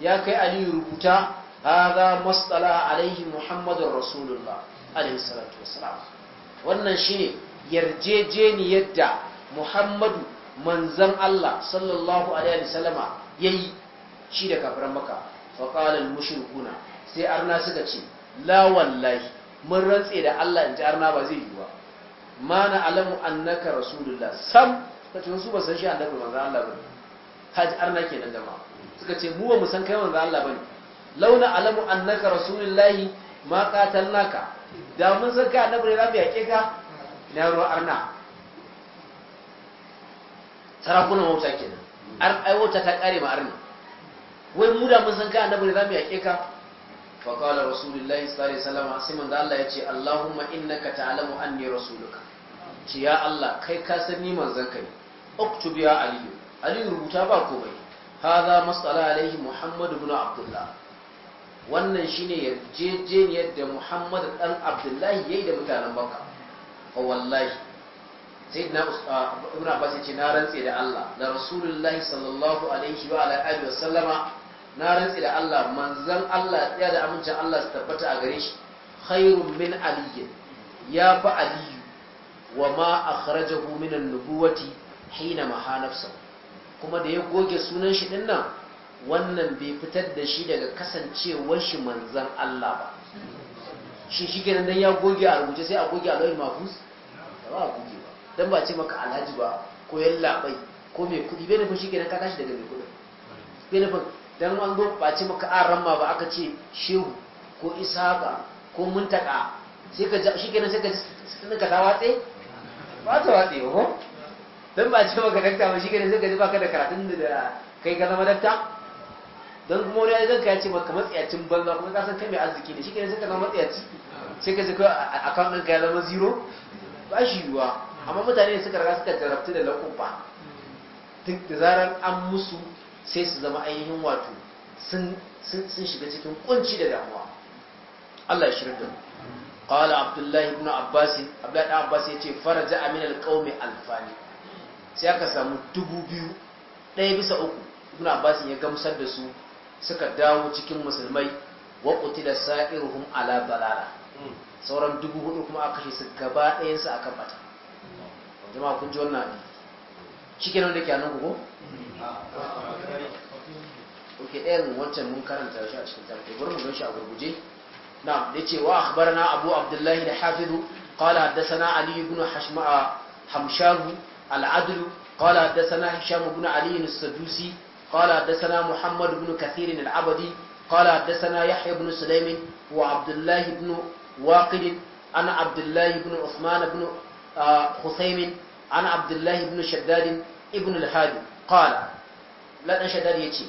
ya kai ali rubuta hadha masdala alaihi muhammadur rasulullah alaihi salatu wassalam wannan shine yarjejeniyar da muhammadu manzan Allah sallallahu alaihi wasallama yayi shi da kafiran maka fa qala al mushrikuna sai arna suka ce la wallahi mun rantse da Allah in ji arna ba zai yi ba ma na alamu annaka rasulullah sam suka ce su ba san shi annabi manzan Allah bane haji arna ke nan jama'a suka ce mu ba mu san kai manzan Allah ba ne. launa alamu annaka rasulullahi ma qatalnaka da mun san kai annabi ne za mu yake ka na ruwa arna sarakunan wauta kenan Ar wauta ta kare ma arni wai mu da mun san kai annabi zamu yake ka fa qala rasulullahi sallallahu alaihi wasallam sai manzo Allah yace Allahumma innaka ta'lamu anni rasuluka ce ya Allah kai ka san ni manzon kai uktub ya ali ali rubuta ba komai hadha masala alaihi muhammad ibn abdullah wannan shine yarjejeniyar da Muhammadu ɗan abdullahi yayi da mutanen A wallahi sayyidina ah, ibn abbas yace na rantse da Allah da rasulullahi sallallahu alaihi wa ala alihi wa sallama na rantse da Allah manzon Allah ya da amincin Allah su tabbata a gare shi khairun min ali ya fa ali wa ma akhrajahu min an-nubuwati hina maha nafsa kuma da ya goge sunan shi din nan wannan bai fitar da shi daga kasancewar shi manzon Allah ba shi shi kenan dan ya goge a rubuce sai a goge a lawil mahfuz ba a goge dan ba ce maka alhaji ba ko yallaɓai ko mai kudi bai nufin shi kenan ka tashi daga mai kuɗin bai nufin dan an zo ba ce maka aran ba aka ce shehu ko isaka ko muntaka sai ka shi kenan sai ka ji ka ta watse ba ta watse ba dan ba ce maka dakta ba shi kenan sai ka ji baka da karatun da kai ka zama dakta don kuma wani zan ka ce maka matsiyacin banza kuma ka san kai mai arziki ne shi kenan sai ka zama matsiyaci sai ka ji kawai akan ɗinka ya zama zero ba shi yiwuwa amma mutane suka raga suka jarabci da laƙuba duk da zarar an musu sai su zama ainihin wato sun shiga cikin kunci da damuwa Allah ya shirin da abdullahi ibn abbas abdullahi ibn abbas yace faraja amin alqaumi alfani sai aka samu dubu biyu ɗaya bisa uku ibn abbas ya gamsar da su suka dawo cikin musulmai wa da sa'iruhum ala balala hmm. sauran dubu hudu kuma aka kashe su gaba ɗayan a akan jama'a kun ji wannan abin cikin wanda ke nan ko oke ɗayan wancan mun karanta shi a cikin tarfi bari mu shi a gurguje na da ce wa akhbarana abu abdullahi da hafizu kala haddathana ali ibn hamsharu hamshahu al-adl qala haddathana hisham ibn ali as-sadusi qala haddathana muhammad ibn kathir al-abadi qala yahya ibn sulaym wa abdullahi ibn waqid ana abdullahi ibn usman ibn husaym ana abdullahi ibn shaddad ibn al-hadi qala ladan shaddad yace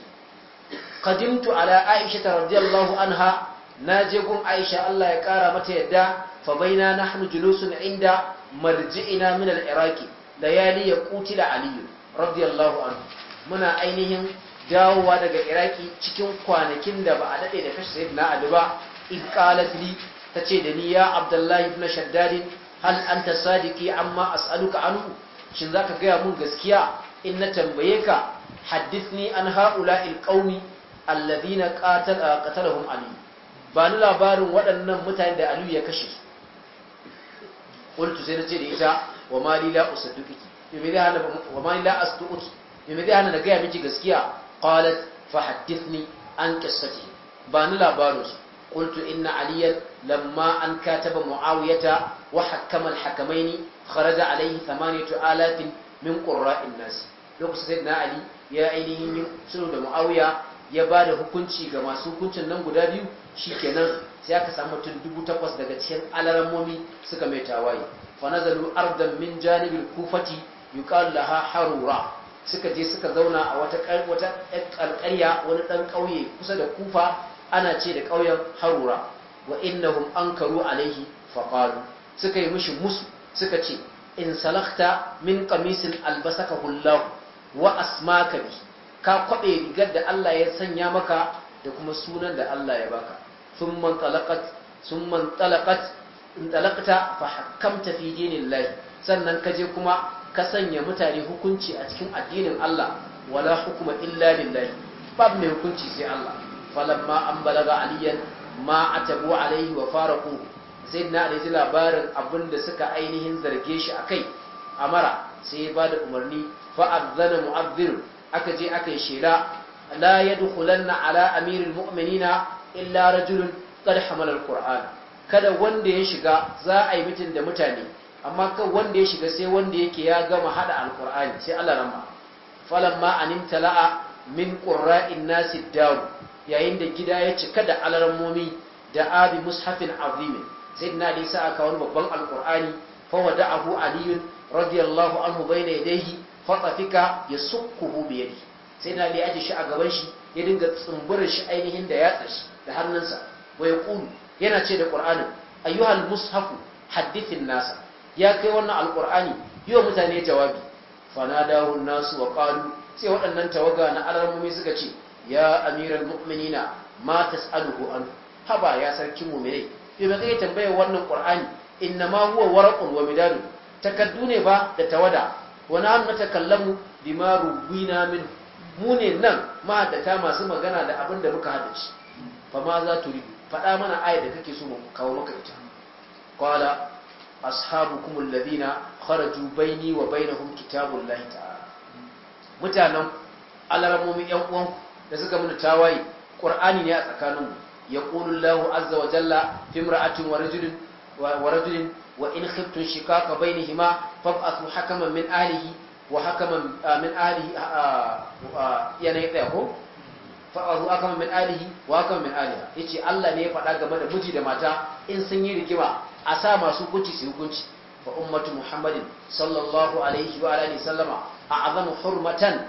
qadimtu ala aisha radiyallahu anha Na je gun aisha Allah ya kara mata yadda fa baina nahnu julusun inda marji'ina min al-iraqi layali ya qutila ali radiyallahu anhu muna ainihin dawowa daga iraki cikin kwanakin da ba a daɗe da kashe na ali ba in qalat li tace da ni ya abdullahi ibn shaddad hal anta sadiki amma as'aluka anhu shin zaka gaya mun gaskiya in na tambaye ka haddithni an ha'ula'il qaumi alladhina qatala ah, qatalahum ali ba ni labarin waɗannan mutane da aliyu ya kashe qultu sai nace da ita wa mali la usadduqiki me zai hana wa mali la asduqiki me zai hana na gaya miki gaskiya qalat fa haddithni an qissati ba ni labarin su qultu inna aliyan lamma an kataba muawiyata wa hakama al-hakamaini kharaja alaihi thamaniyatu alafin min qurra'in nas lokacin sayyidina ali ya ainihin sulhu da muawiya ya ba da hukunci ga masu hukuncin nan guda biyu shi kenan. aka samu mutum dubu takwas daga cikin alarammomi suka mai tawaye fanazalu ardan min janibin kufati yuqal laha harura suka je suka zauna a wata wata wani ɗan ƙauye kusa da kufa ana ce da ƙauyen harura wa innahum ankaru alaihi faqalu suka yi mishi musu suka ce in salakta min qamisin albasaka hullahu wa asmaka bi ka kwabe rigar da Allah ya sanya maka da kuma sunan da Allah ya baka thumma talaqat thumma talaqat in talaqta fa hakamta fi dinillahi sannan kaje kuma ka sanya mutane hukunci a cikin addinin Allah wala hukuma illa lillahi babu mai hukunci sai Allah falamma an balaga aliyan ma a tabo alaihi wa fara sai na da ji labarin da suka ainihin zarge shi a kai, a mara sai ya da umarni fa zana aka je aka yi shela la na ala amiril mu'minina illa rajulun ƙar hamalar alquran kada wanda ya shiga za a yi mitin da mutane amma kan wanda ya shiga sai wanda yake ya gama hada alqur'ani sai Allah rama falamma anim tala'a min ƙurra'in nasi dawo. yayin da gida ya cika da alarmomi da abi mushafin azimin sai na da isa aka wani babban alkur'ani fawa da abu aliyun radiyallahu anhu bai na yadaihi fatsafika ya sukkuhu biyari sai na da ya shi a gaban shi ya dinga tsumbura shi ainihin da ya tsashi da hannunsa wai kulu yana ce da ƙur'ani, ayyuhal mushafu hadithin nasa ya kai wannan alkur'ani yi wa mutane jawabi fanadahu nasu wa qalu sai waɗannan tawaga na alarmomi suka ce ya amiran mu'minina ma tas'aluhu an haba ya sarkin mu'minai fi ba zai tambaye wannan qur'ani inna ma huwa waraqun wa midadu takaddu ne ba da tawada wa na kallamu bima rubina min mu ne nan ma ta masu magana da abinda da muka shi fa ma za tu ridu faɗa mana ayat da kake so mu kawo maka ita qala ashabukum alladhina kharaju baini wa bainahum kitabullahi ta'ala mutanen alarmomin yan uwanku da suka mana tawaye qur'ani ne a tsakaninmu yaqulu Allahu azza wa jalla fi imra'atin wa rajulin wa rajulin wa in khiftum shikaka bainihima fab'athu hakaman min ahlihi wa hakaman ah, min ahlihi ah, ah, yana daya ko fa'ahu hakaman min ahlihi wa hakaman min ahliha yace Allah ne ya faɗa game da miji da mata in sun yi rigima a sa masu hukunci su hukunci fa ummatu muhammadin sallallahu alaihi wa alihi sallama a'zamu hurmatan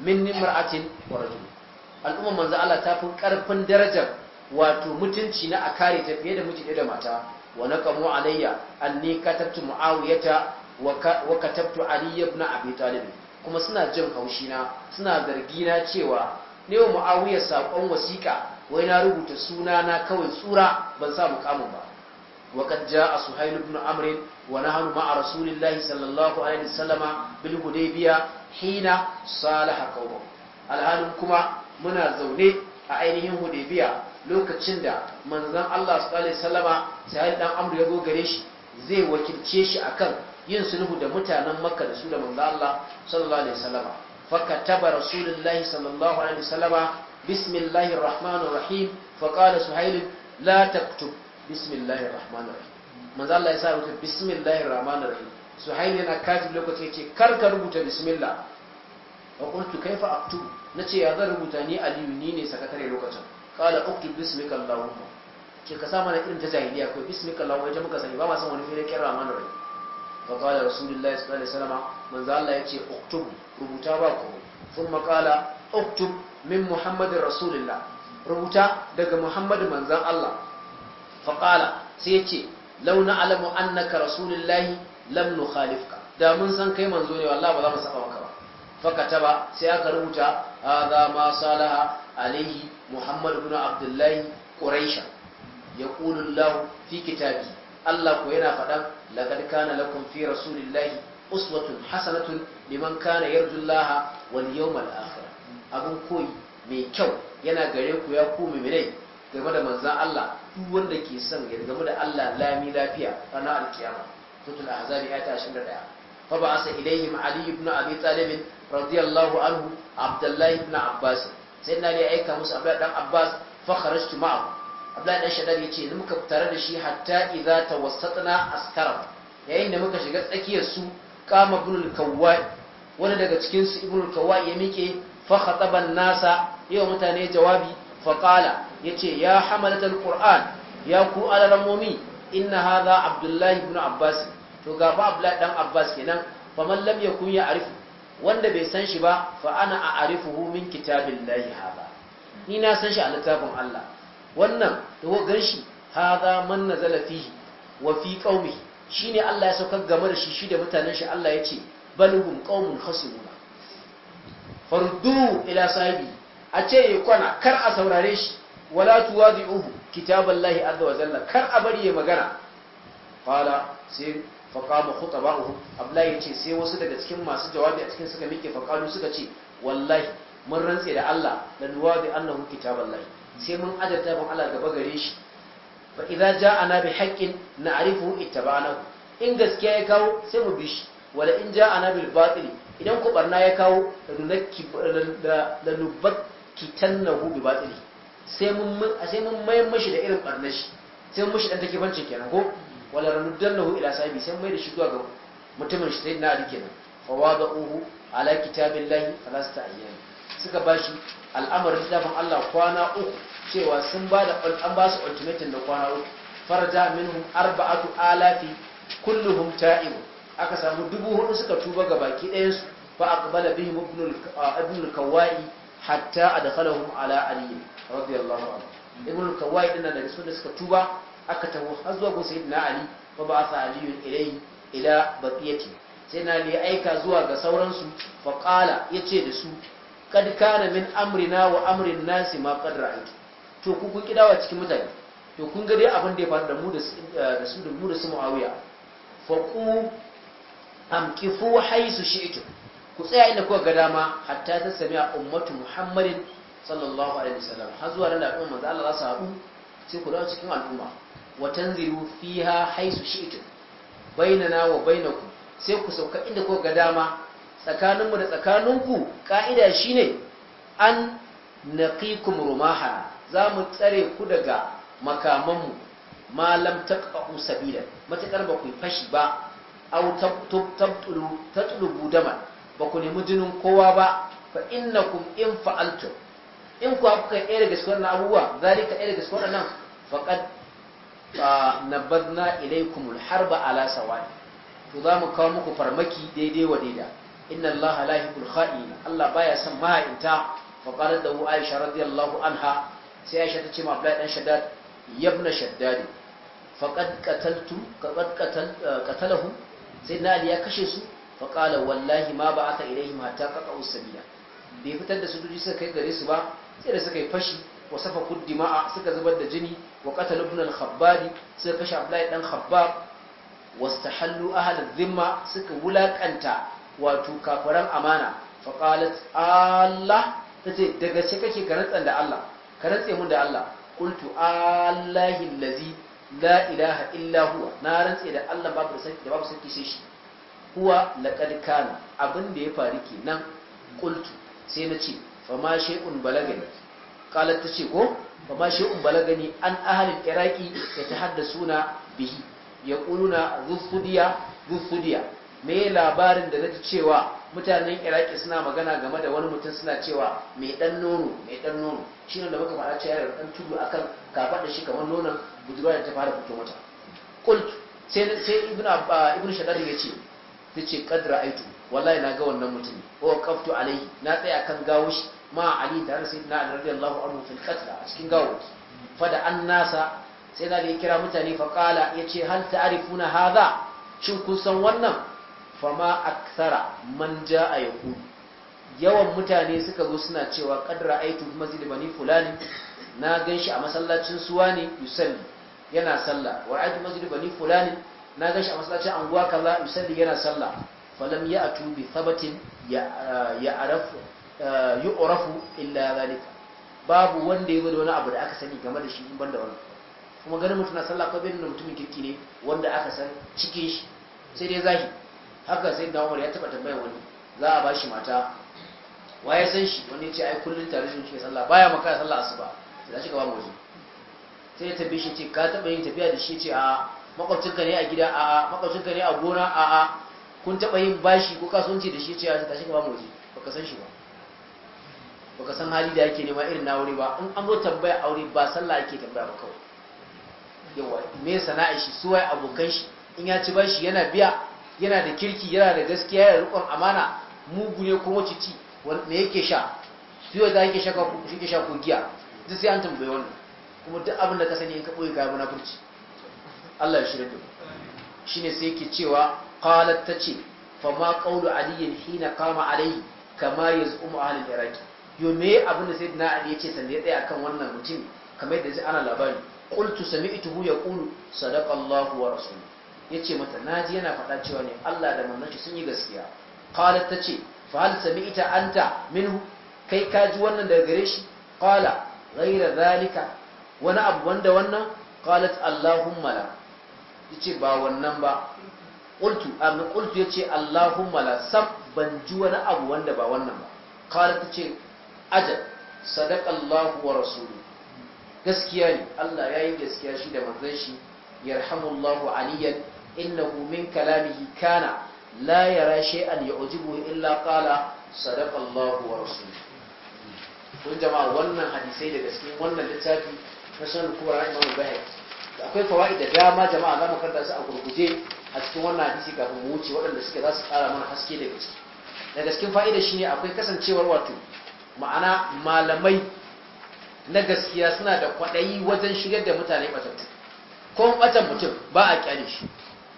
min imra'atin wa rajulin al'ummar manzo Allah ta fi karfin darajar wato mutunci na akare ta fiye da miji da mata wa naqamu alayya anni katabtu muawiyata wa katabtu ali ibn abi talib kuma suna jin haushi na suna zargi na cewa ne wa muawiya sakon wasiƙa wai na rubuta suna na kawai tsura ban sa mukamin ba wa kad jaa suhayl ibn amr wa nahnu ma'a rasulillahi sallallahu alaihi wasallama bil hudaybiya hina salaha qawmu alhalin kuma muna zaune a ainihin hudaybiya lokacin da manzon Allah sallallahu alaihi wasallama sai dan amru ya zo gare shi zai wakilce shi akan yin sulhu da mutanen makka da su da manzon Allah sallallahu alaihi wasallama fakataba rasulullahi sallallahu alaihi wasallama bismillahir rahmanir rahim qala suhayl la taktub bismillahir rahmanir rahim manzo Allah ya sa rubuta bismillahir rahmanir rahim suhayl yana kaji lokacin yace karka rubuta bismillah wa qultu kaifa aktu nace ya zan rubuta ni aliyu ni ne sakatare lokacin qala uktub bismika allahumma ke ka sa mana irin ta jahiliya ko bismika allahumma ita muka sani ba ma san wani fere kira mana rai fa qala rasulullahi sallallahu alaihi wasallam manzo Allah yace uktub rubuta ba ko thumma qala uktub min muhammadin rasulillah rubuta daga Muhammad manzan Allah fa qala sai yace launa alamu annaka rasulullahi lam nukhalifka da mun san kai manzo ne wallahi ba za mu saba maka fakataba sai aka rubuta hadha ma salaha alaihi muhammad ibn abdullahi quraisha yaqulu allah fi kitabi allah ko yana faɗan laqad kana lakum fi rasulillahi uswatun hasanatun liman kana yarjullaha wal yawmal akhir abun koyi mai kyau yana gare ku ya ku mu'minai game da manzon Allah duk wanda ke son ya game da Allah lami lafiya ranar alkiyama tutul ahzabi ayat 21 fa ba'asa ilaihim ali ibn abi talib radiyallahu anhu abdullahi ibn abbas sai na ya aika musu abdullahi dan abbas fa kharajtu ma'ahu abdullahi dan shaddad yace ni muka tare da shi hatta idza tawassatna askara yayin da muka shiga tsakiyar su kama ibn al wani daga cikin su ibn al ya mike fa khataba an-nasa yau mutane jawabi fa qala yace ya hamalat al-qur'an ya ku alamomi inna hadha abdullahi ibn abbas to ga ba abdullahi dan abbas kenan faman lam yakun ya arifu wanda bai san shi ba fa ana a a'rifuhu min kitabillahi ba. ni na san shi a littafin Allah wannan da ko ganshi hada man nazala zalafi wa fi shi shine Allah ya saukar game da shi shi da mutanen shi Allah ya ce balugun qaumun khasiruna fardu ila sahibi a ce ya kwana kar a saurare shi wala tuwadi'uhu kitaballahi azza wa jalla kar a bari ya magana Fala sai fa qama khutaba'uhum abdullahi yace sai wasu daga cikin masu jawabi a cikin suka mike faqalu suka ce wallahi mun rantse da Allah da duwa bi annahu kitaballahi sai mun adata ban Allah gaba gare shi fa idza ja'ana bi haqqin na'rifu ittaba'nahu in gaskiya ya kawo sai mu bi shi wala in ja'ana bil batil idan ku barna ya kawo da la nubakkitannahu bi batil sai mun sai mun mayar mashi da irin barnashi sai mun mashi dan take bance kenan ko wala ranuddannahu ila sahibi san mai da shi zuwa ga mutumin shi sayyidina ali kenan fa wada'uhu ala kitabillahi falasta ayyan suka bashi al'amarin littafin Allah kwana uku cewa sun ba da an ba su ultimatum da kwana uku farja minhum arba'atu alafi kulluhum ta'ib aka samu dubu hudu suka tuba ga baki ɗayan su fa aqbala bihim ibn ibnul ah, kawai hatta adkhalahum ala ali radiyallahu anhu ibnul kawai dinna da su da suka tuba aka tawo har zuwa gun sayyidina ali fa ba sa aliyu ilai ila baqiyati sai na li aika zuwa ga sauransu fa qala yace da su kad kana min amrina wa amrin nasi ma qad ra'aytu to ku kun kidawa cikin mutane to kun ga dai abin da ya faru da mu da su da mu da su muawiya fa ku amkifu haisu shi'tu ku tsaya inda kuka ga dama hatta ta sami a ummatu muhammadin sallallahu alaihi wasallam har zuwa ranar al'umma manzo Allah za su haɗu sai ku dawo cikin al'umma wa tanzilu fiha haisu shi'tum bainana wa bainakum sai ku sauka inda kuka ga dama tsakaninmu da tsakaninku ka'ida shine an naqikum rumaha za mu tsare ku daga makamanmu ma lam taqa'u da matakar ba ku fashi ba aw tabtulu tatlubu dama ba ku nemi jinin kowa ba fa innakum in fa'altum in ku haka ɗaya daga cikin abubuwa zalika ɗaya daga cikin faqad nabadna ilaikumul harba ala sawai to za mu kawo muku farmaki daidai wa daida inna allaha la yuhibbul kha'ina allah baya son maha'inta fa qalat lahu aisha radiyallahu anha sai aisha ta ce ma abdullahi dan shaddad yabna shaddad faqad qataltu qad qatal qatalahu ali ya kashe su fa qala wallahi ma ba'atha ilaihim hatta qata'u sabila bai fitar da sojoji suka kai gare su ba sai da suka yi fashi wasafa kuddima'a suka zubar da jini wa qatalu ibn al-khabbab suka kashe Abdullahi dan Khabbab wastahallu ahal dhimma suka wulakanta wato kafaran amana fa qalat Allah tace daga ce kake karantsan da Allah karantse mun da Allah qultu Allahi allazi la ilaha illa huwa na rantse da Allah babu sarki da babu sarki sai shi huwa laqad kana abin da ya faru kenan qultu sai na ce fa ma shay'un balagani qalat tace ko gani an ahalin iraki ya ta hadda suna bihi ya kuluna ذو الثدية me labarin da ji cewa mutanen iraki suna magana game da wani mutum suna cewa mai dan nono mai dan nono shi ne da muka fara cewa dan tudu akan kafaɗa shi kamar nonon budurwa da ta fara fito mata kult sai ibn ah, ibnu shadad ya ce yace ce qad aitu wallahi na ga wannan mutum wa qaftu alaihi na tsaya kan gawo shi ma ali tare sai na ali radiyallahu anhu fil qatla a cikin gawo fada an nasa sai na ya kira mutane fa qala yace hal ta'rifuna hadha shin kun san wannan fama akthara man a yaqulu yawan mutane suka zo suna cewa qad ra'aytu fi masjid a masallacin suwa ne yana sallah wa ra'aytu masjid bani masallacin anguwa kaza yusalli yana sallah falam a bi thabatin ya arafu yu'rafu illa zalika babu wanda ya da wani abu da aka sani game da shi banda wannan kuma ganin mutum na sallah ko bin mutumin kirki ne wanda aka san cikin shi sai dai zahi haka sai da Umar ya taba tambayar wani za a bashi mata wa ya san shi wani ya ce ai kullun tare shi ke sallah baya maka sallah asuba sai shi gaba waje sai ya tabbishi ce ka taba yin tafiya da shi ce a makwabcinka ne a gida a makwabcinka ne a gona a kun taba yin bashi ko kasuwanci da shi ce ya tashi gaba waje baka san shi ba baka san hali da yake nema irin na aure ba in an zo tambaya aure ba sallah ake tambaya ba kawai yawa me sana'a shi su waye abokan shi in ya ci bashi yana biya yana da kirki yana da gaskiya yana rikon amana mugu ne ko cici me yake sha su yau da yake sha ko shi sha ko giya duk sai an tambaye wannan kuma duk abin da ka sani in ka boye muna munafurci Allah ya shirya shine sai yake cewa qalat tace fa ma qawlu aliyin hina qama alayhi kama yaz'umu ahli iraqi yo abin da sayyidina ali yace sanda ya tsaya akan wannan mutum kamar yadda ana labari qultu sami'tuhu yaqulu sadaqa Allahu wa ya ce mata naji yana faɗa cewa ne Allah da manzon sun yi gaskiya ta ce fa hal sami'ta anta minhu kai kaji wannan daga gare shi qala ghayra zalika wani abu wanda wannan qalat Allahumma la ce ba wannan ba abin amma ya ce Allahumma la sab ban ji wani abu wanda ba wannan ba ta ce. ajal sadaqallahu wa rasuluhu gaskiya ne Allah yayi gaskiya shi da manzan shi yarhamullahu aliyan innahu min kalamihi kana la yara shay'an yu'jibu illa qala sadaqallahu wa rasuluhu kun jama'a wannan hadisai da gaske wannan littafi na sanin kuwa Imam Bayhaqi akwai fawaid da dama jama'a za mu karanta su a gurguje a cikin wannan hadisi kafin mu wuce waɗanda suke za su ƙara mana haske da gaske. da gaskin fa'ida shine akwai kasancewar wato ma'ana malamai na gaskiya suna da kwaɗayi wajen shigar da mutane ɓatattu ko ɓatan mutum ba a ƙyale shi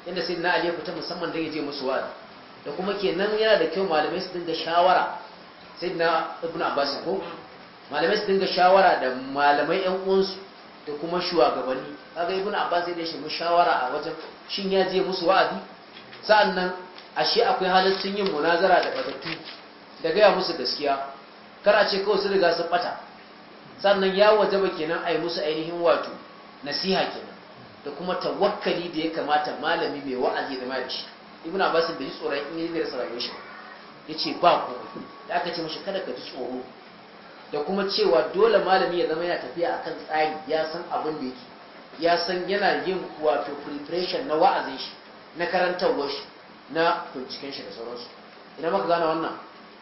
inda sai na aliyu fita musamman da ya je musu wa'azi da kuma ke nan yana da kyau malamai su dinga shawara sai na ibn abbas ko malamai su dinga shawara da malamai yan uwansu da kuma shugabanni kaga ibn abbas zai da shi shawara a wajen shin ya je musu wa'azi sa'annan ashe akwai halittun yin munazara da batattu da gaya musu gaskiya kar a ce kawai su riga sun bata sannan ya wajaba kenan a yi musu ainihin wato nasiha kenan da kuma tawakkali da ya kamata malami mai wa'azi da mashi ibn abbas bai ji tsoron in yi da sarayen shi yace ba ku da aka ce mishi kada ka ji tsoro da kuma cewa dole malami ya zama yana tafiya akan tsari ya san abin da yake ya san yana yin wato preparation na wa'azin shi na karantarwar shi na binciken shi da sauransu idan maka gane wannan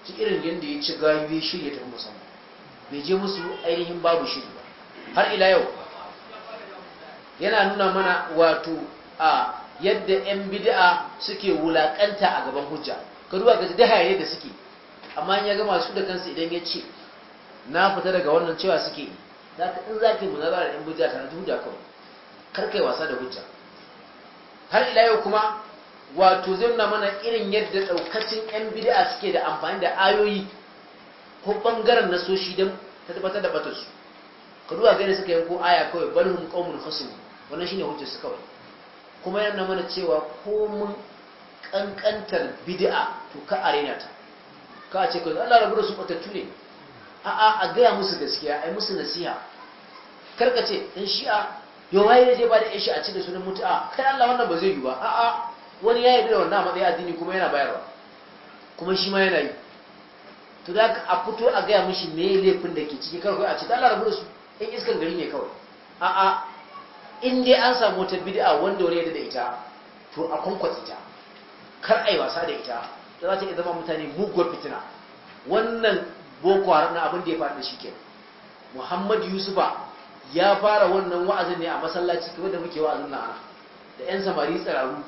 su irin yadda ya ci gayu ya shirya ta sama, bai je musu ainihin babu shiri ba har ila yau yana nuna mana wato a yadda 'yan bid'a suke wulakanta a gaban hujja ka duba ga da da suke amma ya gama su da kansu idan ya ce na fita daga wannan cewa suke yi za ka in za mu nazara da 'yan bidi'a tare da hujja kawai kar kai wasa da hujja har ila yau kuma wato zai nuna mana irin yadda daukacin 'yan bid'a suke da amfani da ayoyi ko ɓangaren nasoshi don ta tabbatar da batarsu ka duwa gani suka yanko aya kawai balhum qaumun khasim wannan shine hujjar su kawai kuma yana mana cewa ko mun kankantar bid'a to ka arena ta ka ce kai Allah rabu da su batattu ne a a a gaya musu gaskiya ai musu nasiha karka ce dan shi'a yo waye ne je ba da shi a ci da sunan mutu'a kai Allah wannan ba zai yi ba a a wani ya yi da wannan matsayi addini kuma yana bayarwa kuma shi ma yana yi to da a fito a gaya mishi me laifin da ke ciki kai a ce Allah rabu da su in iskan gari ne kawai a a in dai an samu wata bid'a wanda wani yadda da ita to a kwankwasa ta kar ai wasa da ita da za ta iya zama mutane muguwar fitina wannan boko haram na abin da ya faru da shi ke muhammad yusufa ya fara wannan wa'azin ne a masallaci kamar da muke wa'azin na da yan samari tsiraru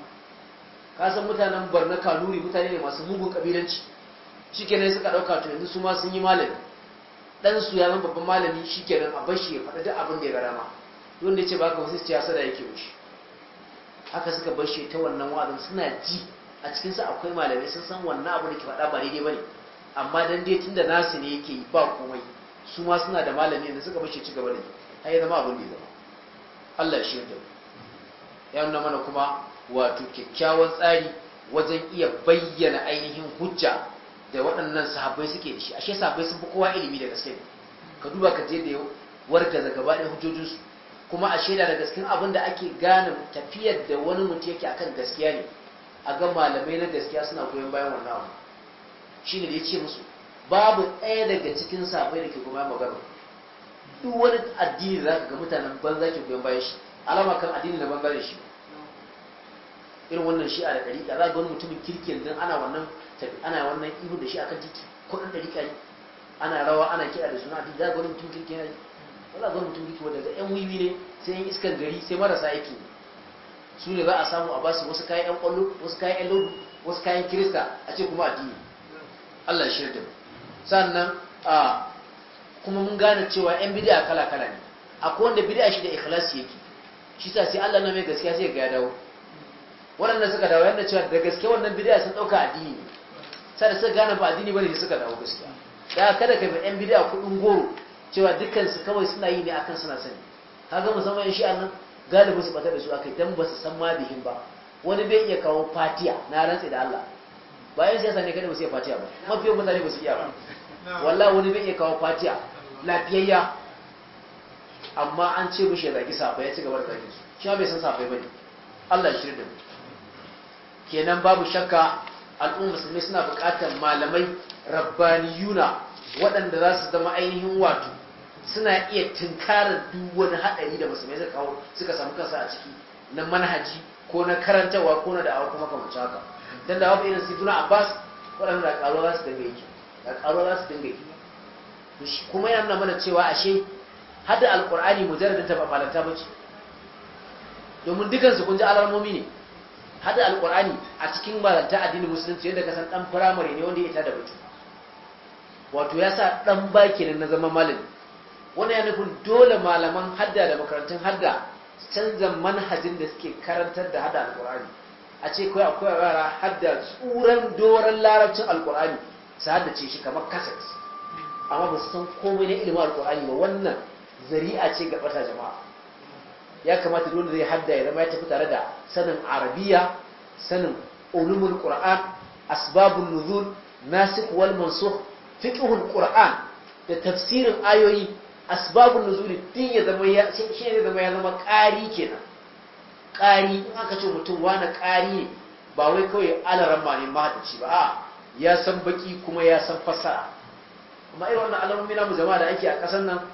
ka san mutanen barna kanuri mutane ne masu mugun kabilanci shikenan suka dauka to yanzu su ma sun yi malami dan su ya zama babban malami shikenan a bashi ya fada duk abin da ya gara ma wanda ya ce baka wasu ciya sada yake mushi haka suka bashi ta wannan wa'azin suna ji a cikinsu akwai malamai sun san wannan abu da ke fada ba daidai ba ne amma dan dai tunda nasu ne yake yi ba komai su ma suna da malami da suka bashi ci gaba da yi har ya zama abin da ya zama Allah ya shirya ya nuna mana kuma wato kyakkyawan tsari wajen iya bayyana ainihin hujja da waɗannan sahabbai suke da shi ashe sahabbai sun fi kowa ilimi da gaske ka duba ka je da yau warga da gaba ɗaya hujjojinsu kuma a shaida da gaskin abin da ake gane tafiyar da wani mutum yake akan gaskiya ne a ga malamai na gaskiya suna goyon bayan wannan abu shi ne da ya ce musu babu ɗaya daga cikin sahabbai da ke goma magana duk wani addini da za ka ga mutanen banza ke goyon bayan shi alama kan addini na banza da shi irin wannan shi'a da ɗariƙa za ga wani mutumin kirki yanzu ana wannan tafi ana wannan ihu da shi akan titi ko ɗan ɗariƙa yi ana rawa ana kiɗa da suna za ga wani mutumin kirki ne wala ga wani mutumin kirki wanda yan wiwi ne sai yan iskan gari sai marasa aiki ne su ne za a samu a basu wasu kayan yan ƙwallo wasu kayan yan lodu wasu kayan kirista a ce kuma addini Allah shi da sannan a kuma mun gane cewa yan bidiya kala kala ne akwai wanda bidiya shi da ikhlasi yake shi sa sai Allah na mai gaskiya sai ga ya dawo waɗanda suka dawo yadda cewa da gaske wannan bidiyar sun ɗauka addini sai da suka gane ba addini bane suka dawo gaskiya da kada ka bi ɗan bidiya kuɗin goro cewa dukkan su kawai suna yi ne akan suna sani kaga musamman shi annan galibin su bata da su akai dan ba su san ma bihin ba wani bai iya kawo fatiya na rantsi da Allah bayan siyasa ne kada ba su iya fatiya ba mafi yawan mutane ba su iya ba wallahi wani bai iya kawo fatiya lafiyayya amma an ce mishi ya zagi safa ya ci gaba da zagin su shi ma bai san safa ba ne Allah ya shirya da mu kenan babu shakka al'ummar musulmi suna buƙatar malamai rabbaniyuna waɗanda za su zama ainihin wato suna iya tunkarar duk wani haɗari da musulmai suka kawo suka samu kansa a ciki na manhaji ko na karantarwa ko na da'awa kuma kamar haka dan da babu irin siduna abbas waɗanda da ƙaruwa za su dinga yi da ƙaruwa za su dinga yi kuma yana nuna mana cewa ashe hada alƙur'ani mujarradin ta ba malanta bace domin dukansu kun ji alamomi ne hada alkur'ani a cikin malanta addinin musulunci yadda kasan dan firamare ne wanda ya ita da batu wato ya sa dan baki na zama malami wannan ya nufin dole malaman hadda da makarantun hadda su canza manhajin da suke karantar da hada alkur'ani a ce kawai akwai yara hadda tsuran doron larabcin alkur'ani su haddace shi kamar kaset amma ba su san komai na ilimin alkur'ani ba wannan zari'a ce ga bata jama'a ya kamata dole zai hadda ya zama ya tafi tare da sanin arabiya sanin ulumul qur'an asbabun nuzul nasikh wal mansukh fiqhul qur'an da tafsirin ayoyi asbabun nuzul din ya zama ya shi ne zama ya zama qari kenan qari in aka ce mutum wani qari ne ba wai kawai alaran ne mahadaci ba ya san baki kuma ya san fassara amma irin wannan alamomi mu jama'a da ake a ƙasar nan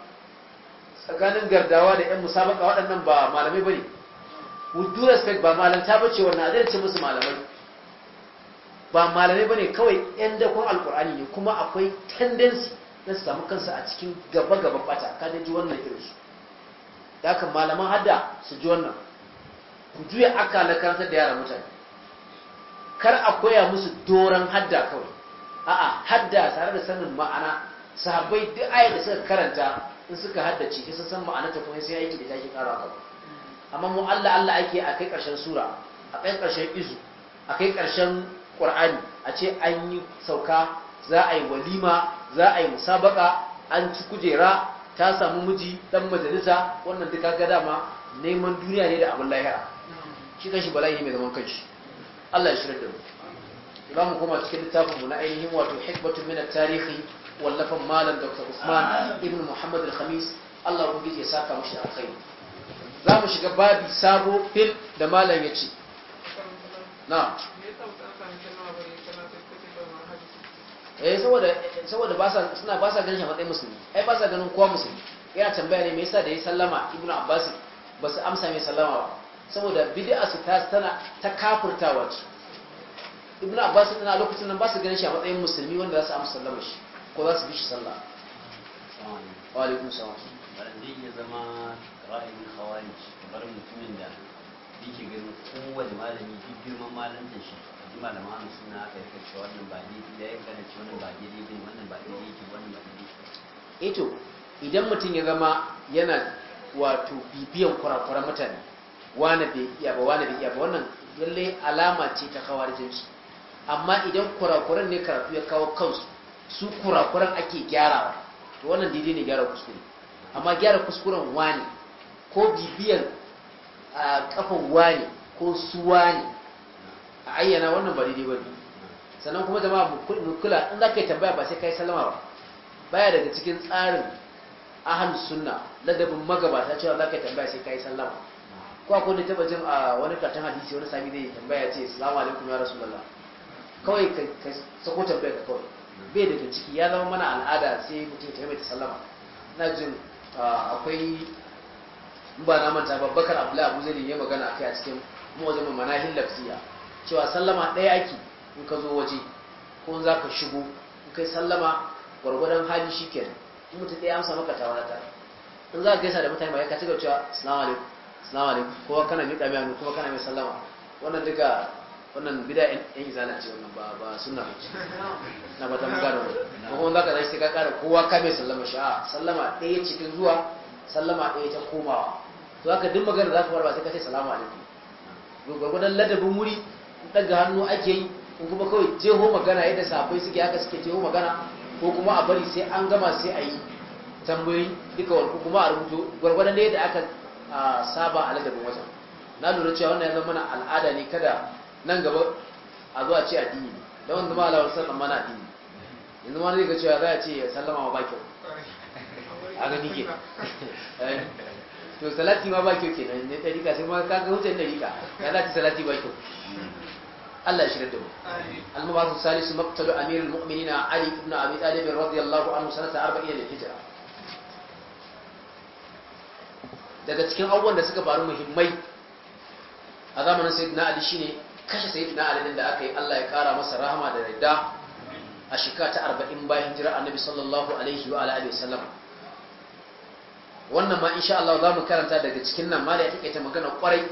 tsakanin gardawa da 'yan musabaka waɗannan ba malamai ba ne wudu respect ba malamta ba ce wannan adalci musu malamai ba malamai ba ne kawai 'yan dakon alkur'ani ne kuma akwai tendensi na su samu kansu a cikin gaba-gaba bata ka ji wannan irinsu da kan malaman hada su ji wannan ku juya aka na karantar da yara mutane kar a koya musu doron hadda kawai a'a hadda tare da sanin ma'ana sahabbai duk ayar da suka karanta in suka haddace in san san ma'anarta kuma sai aiki da take kara ba amma mu Allah Allah ake a kai karshen sura a kai karshen izu a kai karshen qur'ani a ce an yi sauka za a yi walima za a yi musabaka an ci kujera ta samu miji dan majalisa wannan duka ga dama neman duniya ne da abin lahira shi kanshi bala'i mai zaman kanshi Allah ya shirya da mu za mu koma cikin littafin mu na ainihin wato hikmatu min at-tarihi wallafan malam dr usman ibn muhammad al-khamis allah ubangiji ya saka mashi alkhairi za mu shiga babi sabo fil da malam ya ce na eh saboda saboda ba sa suna ba sa ganin shi matsayin musulmi ai ba sa ganin kowa musulmi yana tambaya ne me yasa da ya sallama ibnu abbas ba su amsa mai sallama ba saboda bid'a su ta tana ta kafurtawa ibnu abbas din a lokacin nan ba su ganin shi a matsayin musulmi wanda za su amsa sallama shi ko za su bi shi sallah wa sa'wa. salam bayan zai iya zama ra'ayin khawarij barin mutumin da yake ganin kowane malami duk girman malanta shi ji malaman suna aka yi kace wannan ba daidai ya yi kana ce wannan ba daidai ne wannan ba daidai yake wannan ba daidai eto eh idan mutum ya zama yana wato bibiyan kurakuran mutane wane bai iya ba wane bai iya ba wannan lalle alama ce ta kawarjinsu amma idan kurakuran ne karatu ya kawo kansu su kurakuran ake gyarawa to wannan daidai ne gyara kuskure amma gyara kuskuren wani ko bibiyar a kafin wani ko su wani a ayyana wannan ba daidai ne, sannan kuma jama'a mukula kula in za ka yi tambaya ba sai ka yi sallama ba baya daga cikin tsarin ahal sunna ladabin magabata cewa za ka yi tambaya sai ka yi sallama ko akwai da taba jin a wani katon hadisi wani sami zai tambaya ce salamu alaikum ya rasulullah kawai ka sako tambaya ka kawai bai daga ciki ya zama mana al'ada sai mutum ta yi mata sallama na jin akwai ba na manta babbakar abdullahi abu zai ya magana a kai a cikin muwazzam manahin lafiya cewa sallama ɗaya ake in ka zo waje ko za ka shigo in kai sallama gwargwadon hali shi kenan in mutum ɗaya amsa maka ta wani tare in za ka gaisa da mutane ba ka ci cewa salamu alaikum salamu alaikum kowa kana miƙa mai hannu kuma kana mai sallama wannan duka wannan bida yan izala ce wannan ba ba suna na ba ta muka da wani kuma za ka zai ka kara kowa kame sallama sha'a sallama ɗaya cikin zuwa sallama ɗaya ta komawa to haka duk magana za ka fara ba sai ka ce salamu alaikum gwagwadon ladabin wuri daga hannu ake yi in kuma kawai jeho magana yadda safai suke haka suke jeho magana ko kuma a bari sai an gama sai a yi tambayi duka wani kuma a rubuto gwargwadon da yadda aka saba a ladabin wajen na lura cewa wannan ya zama al'ada ne kada nan gaba a zuwa ce addini da wanda ma alawar sallan mana addini yanzu wani daga cewa za a ce ya sallama ma ba kyau a gani ke eh, to salati ma ba kyau kenan ne tarika sai ma ka ga hutun ka, ya za ci salati ba kyau Allah ya shirar da mu al-mubarak salisu maqtalu amirul mu'minina ali ibn abi talib radiyallahu anhu sanata 40 lil hijra daga cikin abubuwan da suka faru muhimmai a zamanin sayyidina ali shine kashe na ali da aka yi Allah ya kara masa rahama da yarda a shika ta 40 bayan hijira annabi sallallahu alaihi wa alihi wasallam wannan ma insha Allah za mu karanta daga cikin nan ma da ya take ta magana kwarai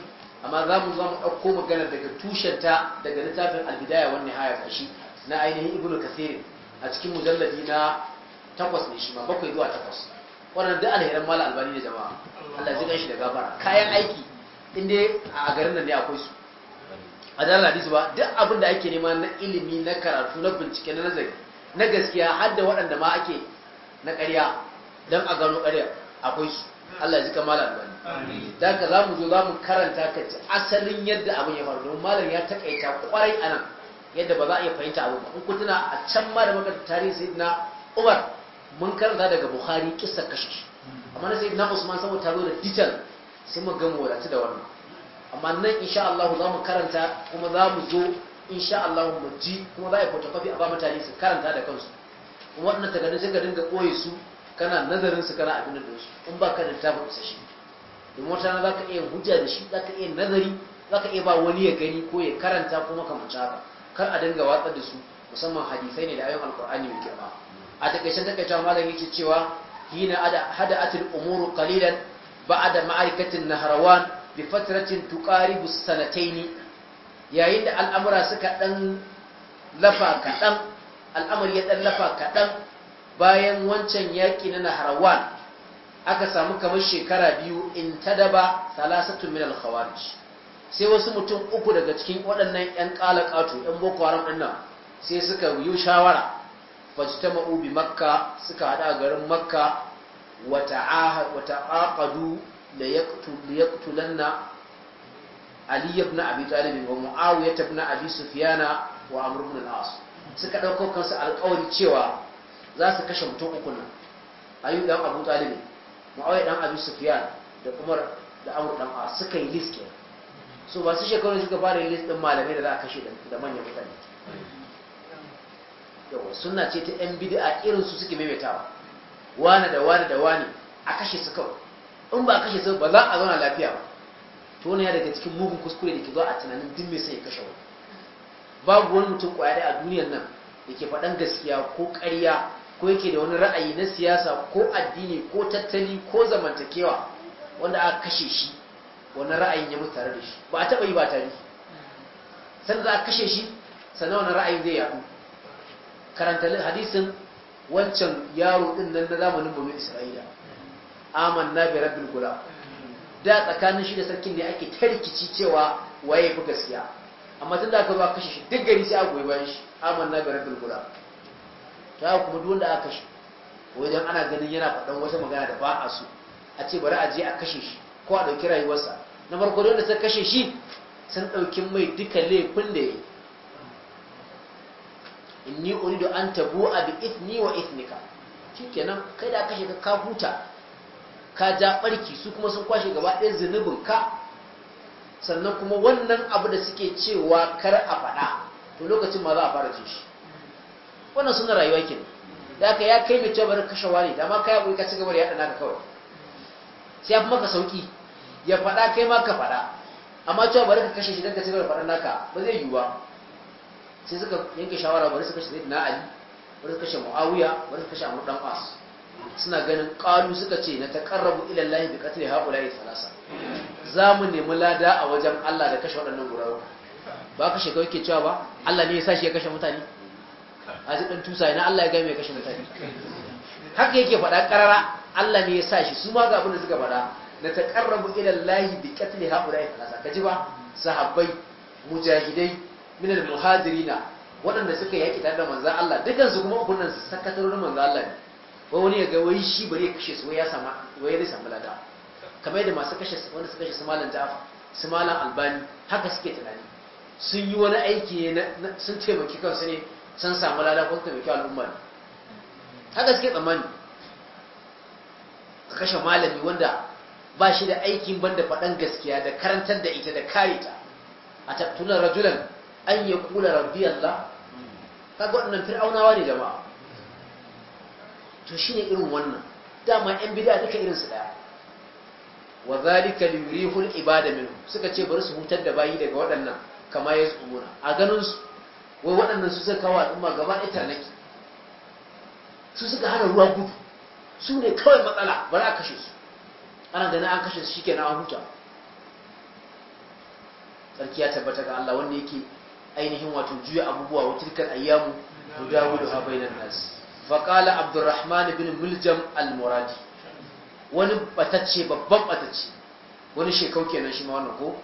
amma za mu zo mu dauko magana daga tushen ta daga littafin al-bidaya wan nihaya kashi na ainihin ibnu kathir a cikin mujalladi na takwas ne shi ma bakwai zuwa takwas wannan duk alheran mala albani ne jama'a Allah ya zika shi da gabara kayan aiki inda a garin nan ne akwai su a hadisi ba duk abin da ake nema na ilimi na karatu na bincike na nazari na gaskiya har da waɗanda ma ake na ƙarya don a gano ƙarya akwai su Allah ji kamala wani da ka za mu zo za mu karanta ka ci asalin yadda abin ya faru don malam ya taƙaita kwarai a nan yadda ba za a iya fahimta abu ba in ku tuna a can ma da tarihin tarihi na Umar mun karanta daga buhari ƙisa kashi amma na na Usman saboda taro da detail sai mu gama wadatu da wannan amma nan insha Allah za mu karanta kuma za mu zo insha Allah mu ji kuma za a yi fotokofi a ba mutane su karanta da kansu kuma waɗannan takardun sai ka dinga koye su kana nazarin su kana abin da su in ba ka da littafin shi. domin wata za ka iya hujja da shi za ka iya nazari za ka iya ba wani ya gani ko ya karanta kuma ka mace haka kar a dinga watsar da su musamman hadisai ne da ayyukan alkur'ani mai girma a takaicen takaitawa malam yake cewa hina hada atil umuru qalilan ba'da ma'arikatin naharwan bi fatratin tuqaribu sanataini yayin da al'amura suka dan lafa kadan al'amari ya dan lafa kadan bayan wancan yaƙi na Naharawan aka samu kamar shekara biyu in tadaba salasatu min al-khawarij sai wasu mutum uku daga cikin waɗannan ƴan ƙalaƙato yan boko haram ɗin nan sai suka yi shawara ta bi makka suka hada garin makka wata aqadu la yaqtulanna Ali ibn Abi Talib wa Muawiya ibn Abi Sufyan wa Amr ibn al-As suka dauko kansu alƙawari cewa za su kashe mutum uku nan Ayyub Abu talibin Muawiya dan Abi Sufyan da Umar da Amr dan As suka yi list kenan ba su shekaru suka fara yi list malamai da za a kashe da manyan mutane yawa suna ce ta yan bid'a irin su suke maimaitawa wani da wani da wani a kashe su kawai in ba kashe su ba za a zauna lafiya ba to wani ya daga cikin mugun kuskure da ke zuwa a tunanin duk mai sai ya kashe wani babu wani mutum kwayar a duniyar nan da ke faɗan gaskiya ko ƙarya ko yake da wani ra'ayi na siyasa ko addini ko tattali ko zamantakewa wanda aka kashe shi wani ra'ayin ya mutu tare da shi ba a taɓa yi ba tare. sannan za a kashe shi sannan wani ra'ayin zai yaɗu karanta hadisin wancan yaro ɗin nan na zamanin bamin isra'ila Aman na bi rabbil kula. da tsakanin shi da sarkin ne ake ta rikici cewa waye fi gaskiya amma tun da aka zo kashe shi duk gari sai a goyi bayan shi Aman na bi rabbil kula. ta kuma duk wanda aka kashe wajen ana ganin yana faɗan wata magana da ba a so a ce bari a je a kashe shi ko a ɗauki rayuwarsa na farko da sun kashe shi sun ɗauki mai duka laifin da ya yi inni uridu an tabu a bi ithni wa ithnika shikenan kai da kashe ka ka ka ja barki su kuma sun kwashe gaba ɗaya zunubin ka sannan kuma wannan abu da suke cewa kar a faɗa to lokacin ma za a fara jin shi wannan suna rayuwa ke da aka ya kai mai cewa bari kashe wani da ma ka ɓoye ka cigaba da yaɗa naka kawai sai ya fi maka sauƙi ya faɗa kai ma ka faɗa amma cewa bari ka kashe shi don ka cigaba da faɗa naka ba zai yiwu ba sai suka yanke shawara bari su kashe zai na ali bari su kashe mu'awiya bari su kashe amur wasu. suna ganin ƙalu suka ce na ta taƙarrabu ilallahi bi haƙula yi talasa za mu nemi lada a wajen Allah da kashe waɗannan gurawa ba ka shiga wake cewa ba Allah ne ya sa shi ya kashe mutane a ji dan tusa ina Allah ya gami ya kashe mutane haka yake faɗa ƙarara Allah ne ya sa shi su ma ga abin da suka faɗa na ta taƙarrabu ilallahi bi yi talasa Ka ji ba sahabbai mujahidai minal muhajirina waɗanda suka yaƙi tare da manzan Allah dukansu kuma kunnan sakatarorin manzan Allah ne wai wani ya ga wai shi bari ya kashe su wai ya sama wai zai samu lada kamar yadda masu kashe su, wanda suka kashe su malam jaf su malam albani haka suke tunani sun yi wani aiki ne sun taimaki kansu ne sun samu lada ko taimaki al'umma ne haka suke tsammani ka kashe malami wanda ba shi da aikin banda faɗan gaskiya da karantar da ita da kare ta a tattunan rajulan an ya kula rabbi Allah kaga waɗannan fir'aunawa ne jama'a to shine irin wannan dama yan bid'a duka irin su daya wa zalika yurihul ibada minhu suka ce bari su hutar da bayi daga waɗannan kama ya tsumuna a ganin su wai waɗannan su suka kawo al'umma gaba ɗaya tarnaki su suka hana ruwa gudu su ne kawai matsala bari a kashe su ana gani an kashe su shikenan an huta tsarki ya tabbata ga Allah wanda yake ainihin wato juya abubuwa wa ayyamu ayyamu yudawilu ha bainan nasi. faƙala abdurrahman bin muljam al-muradi wani batacce babban batacce wani shekau kenan shi ma wannan ko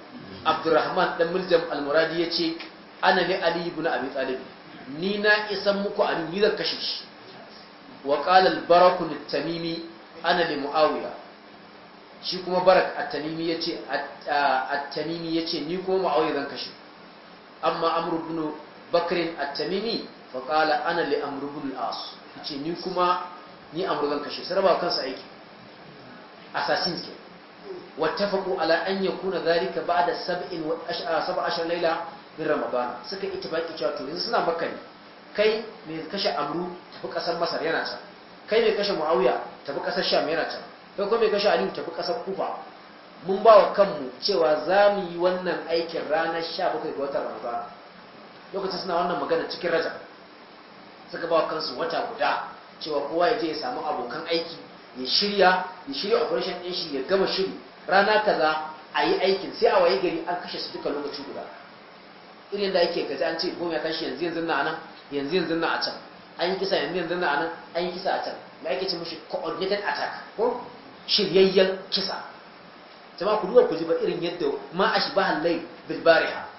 abdurrahman dan muljam al ya ce ana ne ali ibn abi talib ni na isan muku ali ni zan kashe shi wa qala al tamimi ana li muawiya shi kuma barak at-tamimi yace at-tamimi yace ni ko muawiya zan kashe amma amr ibn bakr at-tamimi fa qala ana li amr ibn al-as ce ni kuma ni amru kashe saraba wa kansa aiki assassins ke wattafaqu ala an zarika ba da sab'in wa ah, sab'a ashar layla Ramadana. ramadan suka baƙi cewa to yanzu suna maka ne kai mai kashe amru tafi kasar masar yana can kai mai kashe ma'auya tafi kasar sham yana can kai kuma mai kashe aliyu tafi kasar kufa mun ba wa kanmu cewa za mu yi wannan aikin ranar bakwai ga watan ramadan lokacin suna wannan magana cikin rajar suka ba kansu wata guda cewa kowa ya je ya samu abokan aiki ya shirya ya shirya operation din shi ya gama shiri rana kaza a yi aikin sai a waye gari an kashe su duka lokaci guda irin da ake gaji an ce bom ya kashe, yanzu yanzu na anan yanzu yanzu na a can an yi kisa yanzu yanzu na anan an yi kisa a can da ake ce mashi coordinated attack ko shiryayyen kisa jama'a ku duba ku ji ba irin yadda ma ba layl bil bariha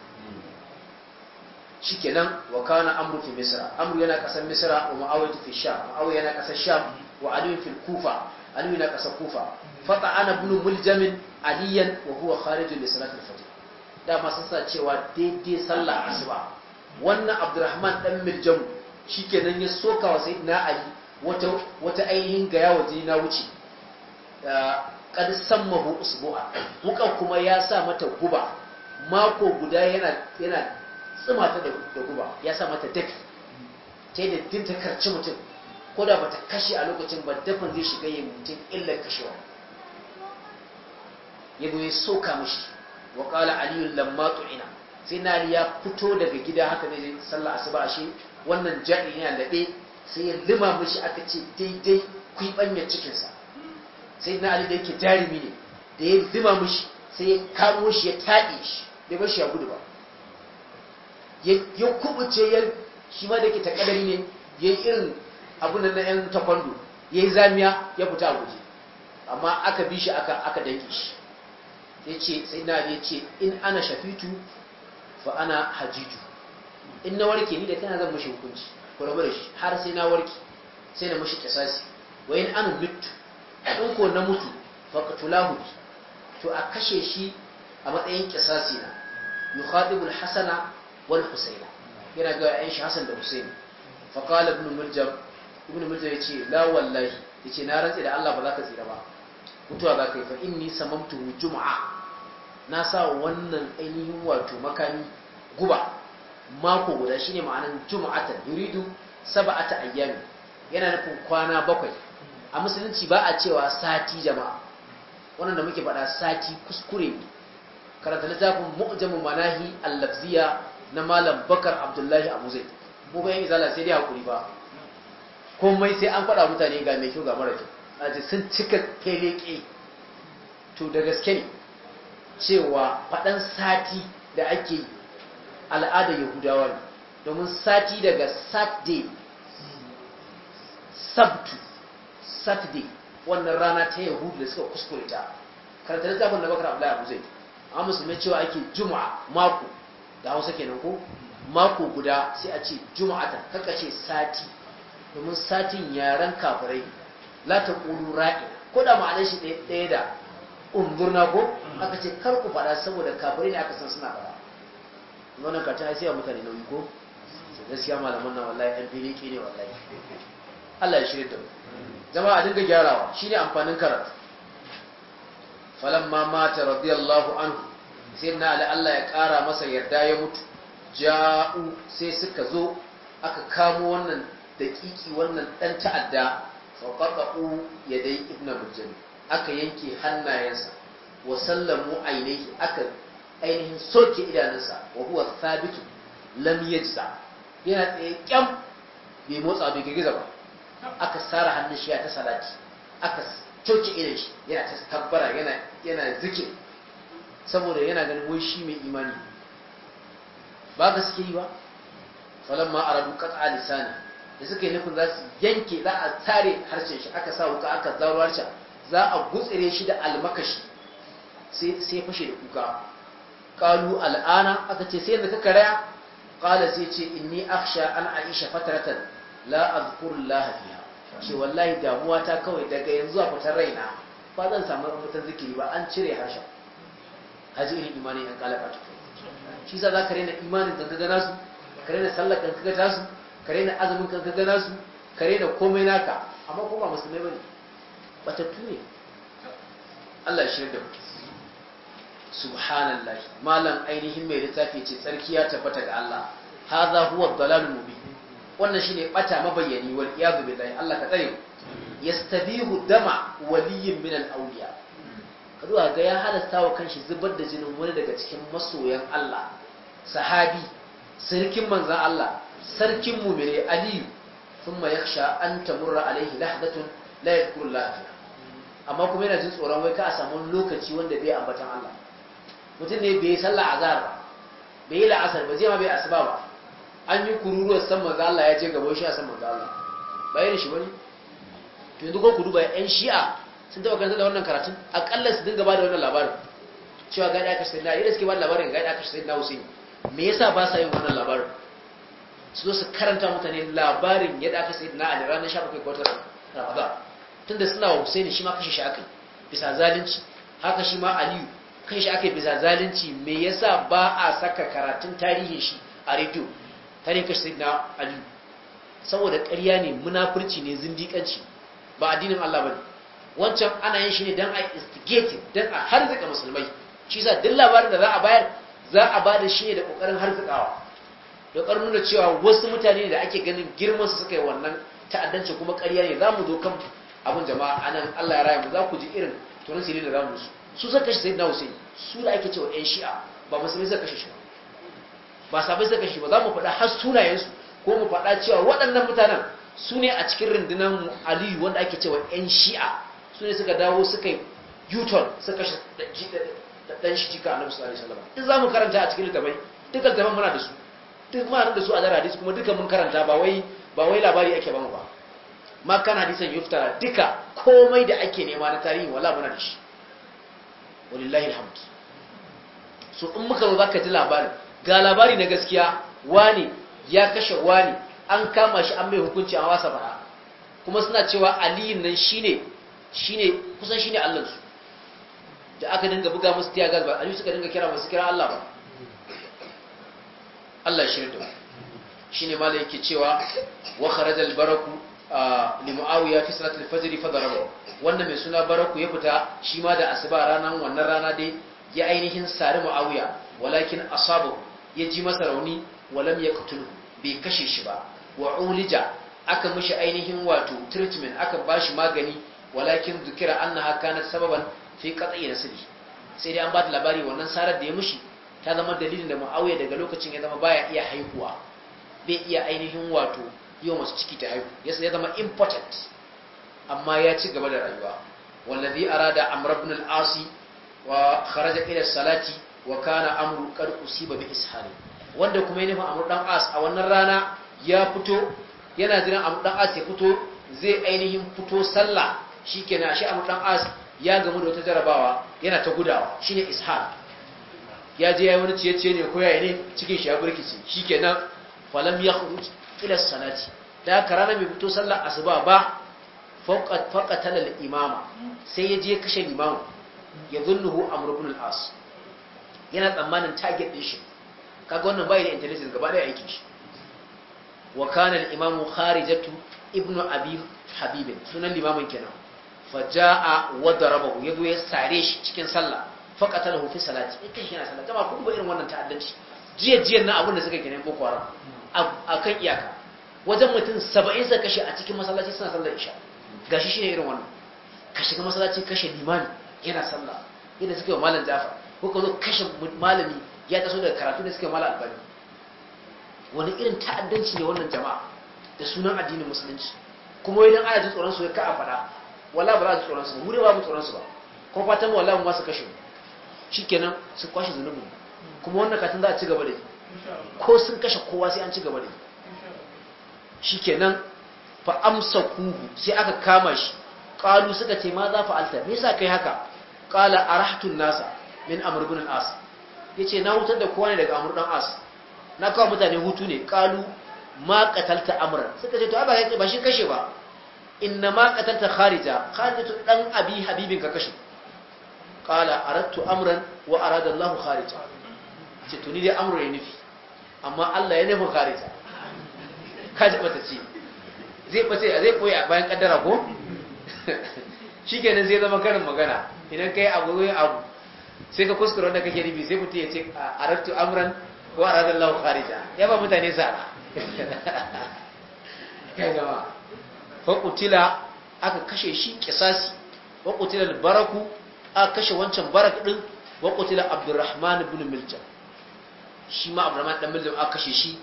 shikenan wa kana amru fi misra amru yana kasar misra wa muawiyatu fi sham muawiya yana kasar sham wa ali fi kufa ali yana kasar kufa fata ana ibn muljam aliyan wa huwa kharijun li salati al-fajr da ma sassa cewa daidai sallah asuba wannan abdurrahman dan miljam shikenan ya soka wa sayyidina ali wata wata ainihin gaya waje na wuce kad ah, sammahu usbu'a muka kuma ya sa mata guba mako guda yana yana tsumata ta da guba ya sa mata dafi ta yi da dinta karci mutum ko da ba ta kashe a lokacin ba dafin zai shiga yi mutum illar kashewa ya zo ya soka mashi wa kala aliyun ina, sai na ya fito daga gida haka ne sallah asuba ashe wannan jari yana laɗe sai ya lima mashi aka ce daidai kwiɓanya cikinsa sai na ali da yake jarumi ne da ya lima mashi sai ya kamo shi ya taɗe shi da shi ya gudu ba ya kubuce ya shi ma da ke takadari ne ya yi irin abunan na yan takwando ya yi zamiya ya fita a guje amma aka bi shi aka danke shi ya ce sai na ya ce in ana shafitu fa ana hajitu in na warke ni da kana zan mashi hukunci kwarabar rabu shi har sai na warke sai na mashi kasasi wa yin an mutu in ko na mutu fa qatulahu to a kashe shi a matsayin kasasi na yukhadibul hasana wal husaina yana ga ƴan shi hasan da husaini fa ibn muljam ibn ya yace la wallahi ce na rantsi da Allah ba za ka tsira ba mutuwa za ka yi fa ni samamtu juma'a? na sa wannan ainihin wato makami guba mako guda shine ma'anar jumu'atan yuridu saba'ata ayyami yana nufin kwana bakwai a musulunci ba a cewa sati jama'a wannan da muke faɗa sati kuskure ne karanta littafin mu'jamul manahi al-lafziya na malam bakar abdullahi abu zai buga yin izala sai dai hakuri ba komai sai an faɗa mutane ga mai kyau ga mara kyau a ji sun cika keleke to da gaske ne cewa faɗan sati da ake yi al'ada yahudawa ne domin sati daga saturday sabtu saturday wannan rana ta yahudu da suka kuskure ta karatar zafin da bakar abu zai a musulmi cewa ake juma'a mako da hausa kenan ko mako guda sai a ce juma'atan kaka ce sati domin satin yaren kafirai la ta ƙuru ra'i ko da ma'anar shi ɗaya da umburna ko aka ce kar ku faɗa saboda kafirai ne aka san suna faɗa wannan ta ai sai mutane nauyi ko gaskiya malaman nan wallahi an fili ke ne wallahi Allah ya shirya da mu zama a dinga gyarawa shine amfanin karatu falamma mata radiyallahu anhu sai na Allah ya ƙara masa yarda ya mutu ja'u sai suka zo aka kamo wannan daƙiƙi wannan ɗan ta'adda faƙaƙa'u ya dai ibn mujal aka yanke hannayensa wa sallamu ainihi aka ainihin soke idanunsa wa huwa thabitu lam yajza yana tsaye kyam bai motsa bai girgiza ba aka sara hannun shi ya ta salati aka coke irin shi yana ta tabbara yana yana zikiri saboda yana ganin wai shi mai imani ba gaske yi ba falon ma a rabu kaka lisani da suka yi nufin za su yanke za a tare harshen shi aka sa wuka aka zaro harshen za a gutsire shi da almakashi sai fashe da kuka kalu al'ana aka ce sai da ka karaya kala sai ce a aksha an aisha fataratan la azkurun lahafiya ce wallahi damuwa ta kawai daga yanzu a fitar raina ba zan samu rubutan zikiri ba an cire harshen a ji irin imanin yan kalaka to shi za ka raina imanin kan kaga nasu ka raina sallar kan kaga tasu ka raina azumin kan kaga nasu ka raina komai naka amma ko ba musulmai bane batattu ne Allah shi da subhanallah malam ainihin mai littafi ce tsarki ya tabbata ga Allah Ha za huwa dalalul Mubi? wannan shi shine bata mabayyani wal iyad billahi Allah ka tsare yastabihu dama waliyyin min al awliya zuwa ga ya halasta wa kanshi zubar da jinin wani daga cikin masoyan Allah sahabi sarkin manzan Allah sarkin mumire aliyu sun ma sha an tamurra alaihi lahadatun la kuru lafiya amma kuma yana jin tsoron wai ka a samun lokaci wanda bai ambatan Allah mutum ne bai sallah azhar ba bai yi la'asar ba zai ma bai asuba ba an yi kururuwar san manzan Allah ya je gaban shi a san manzan Allah ba shi wani. to yanzu ko ku duba yan shi'a sun taba karanta da wannan karatun akalla su dinga ba da wannan labarin cewa gaɗa a kashe na yi, irin suke ba da labarin ga a kashe na Hussein me yasa ba sa yin wannan labarin su zo su karanta mutane labarin yadda aka sai na Ali ranar 17 ga watan tun tunda suna wa Hussein shi ma kashe shi akai bisa zalunci haka shi ma Aliyu kai shi akai bisa zalunci me yasa ba a saka karatun tarihin shi a rediyo tarihin kashe na Aliyu saboda ƙarya ne munafurci ne zindiƙanci ba addinin Allah bane wancan ana yin shi ne don a instigate don a harzika musulmai shi sa duk labarin da za a bayar za a ba da shi ne da ƙoƙarin harzikawa da ƙoƙarin nuna cewa wasu mutane da ake ganin girman su suka yi wannan ta'addanci kuma ƙarya ne za mu zo kan abin jama'a anan Allah ya raya mu za ku ji irin tunan sirri da za mu su su suka kashe sayyidina Hussein su da ake cewa ƴan Shi'a ba musulmi suka kashe shi ba sabai suka kashe ba za mu faɗa har sunayen su ko mu faɗa cewa waɗannan mutanen su ne a cikin rundunar Aliyu wanda ake cewa ƴan Shi'a su ne suka dawo suka yi yuton suka shi dan shi jika annabi sallallahu alaihi wasallam in mu karanta a cikin littafai dukkan littafan muna da su duk muna da su a dara hadisi kuma duka mun karanta ba wai labari ake ba mu ba makan hadisan yuftara duka komai da ake nema na tarihi wala muna da shi walillahi alhamdu so in muka zo zaka ji labarin ga labari na gaskiya wani ya kashe wani an kama shi an mai hukunci a wasa fara kuma suna cewa aliyin nan shine shine kusan shine Allah su da aka dinga buga musu tiya ba a suka dinga kira musu kira Allah ba Allah shi da shine malai yake cewa wa kharaja baraku li muawiya fi salati al-fajr fa wannan mai suna baraku ya fita shi ma da asuba ranan wannan rana dai ya ainihin sari muawiya walakin asabu ya ji masa rauni walam yaqtulu bai kashe shi ba wa ulija aka mishi ainihin wato treatment aka bashi magani walakin zukira annaha kanat sababan fi qat'i nasbi sai dai an ba ta labari wannan sarar da ya mushi ta zama dalilin da Muawiya daga lokacin ya zama baya iya haihuwa bai iya ainihin wato yau masu ciki ta haihu ya zama important amma ya ci gaba da rayuwa wallazi arada amr ibn al-asi wa kharaja ila salati wa kana amru qad usiba bi ishari wanda kuma ya nufa amr dan as a wannan rana ya fito yana jiran amr dan as ya fito zai ainihin fito sallah shi na shi a as ya gamu da wata jarabawa yana ta gudawa shi ne ishar ya je yi wani ciye-ciye ne ko yayi ne cikin shi ya ke nan falam yakhruj ila salati da rana mai fito sallar asuba ba faqat imama sai ya je kashe limamu ya zunuhu a ibn as yana tsammanin target din shi kaga wannan bai da intelligence gaba daya aikin shi wa kana imamu kharijatu ibnu abi habibin sunan limamin kenan faja'a wadda rabahu ya zo ya sare shi cikin sallah faƙatar hufi salati ya kai shi na sallah jama'a kuma irin wannan ta'addanci jiya jiyan na abin da suka gina boko haram a kan iyaka wajen mutum saba'in suka kashe a cikin masallaci suna sallar isha gashi shi ne irin wannan ka shiga masallaci kashe limani yana sallah yadda suka yi malam jafa ko ka zo kashe malami ya taso daga karatu da suka yi malam albani wani irin ta'addanci ne wannan jama'a da sunan addinin musulunci kuma idan ana ji tsoron su ka a faɗa Wala ba za su tsoron su ba da ba mu tsoron su ba ko fatan mu wallahi mu ba su kashe mu shikenan su kwashe zanubu kuma wannan katin za a ci gaba da ko sun kashe kowa sai an ci gaba da shikenan fa kuhu sai aka kama shi qalu suka ce ma za fa alta me yasa kai haka qala arahtu nasa min amr al-as yace na hutar da kowa ne daga amr as na kawo mutane hutu ne qalu ma qatalta amran suka ce to ba ba shi kashe ba inna ma qatalta kharija kharijatu dan abi habibin ka kashe qala aradtu amran wa arada Allah kharija ce tuni dai amro ya nufi amma Allah ya nufi kharija Ka kaji bata ce zai bace zai koyi a bayan kaddara ko shikenan zai zama karin magana idan kai abu yin abu sai ka kuskura wanda kake nufi sai mutum ya ce aradtu amran wa arada Allah kharija ya ba mutane sa kai jama'a faƙutila aka kashe shi ƙisasi waƙutila baraku aka kashe wancan barak ɗin waƙutila abdurrahman ibn miljam shi ma abdurrahman ɗan miljam aka kashe shi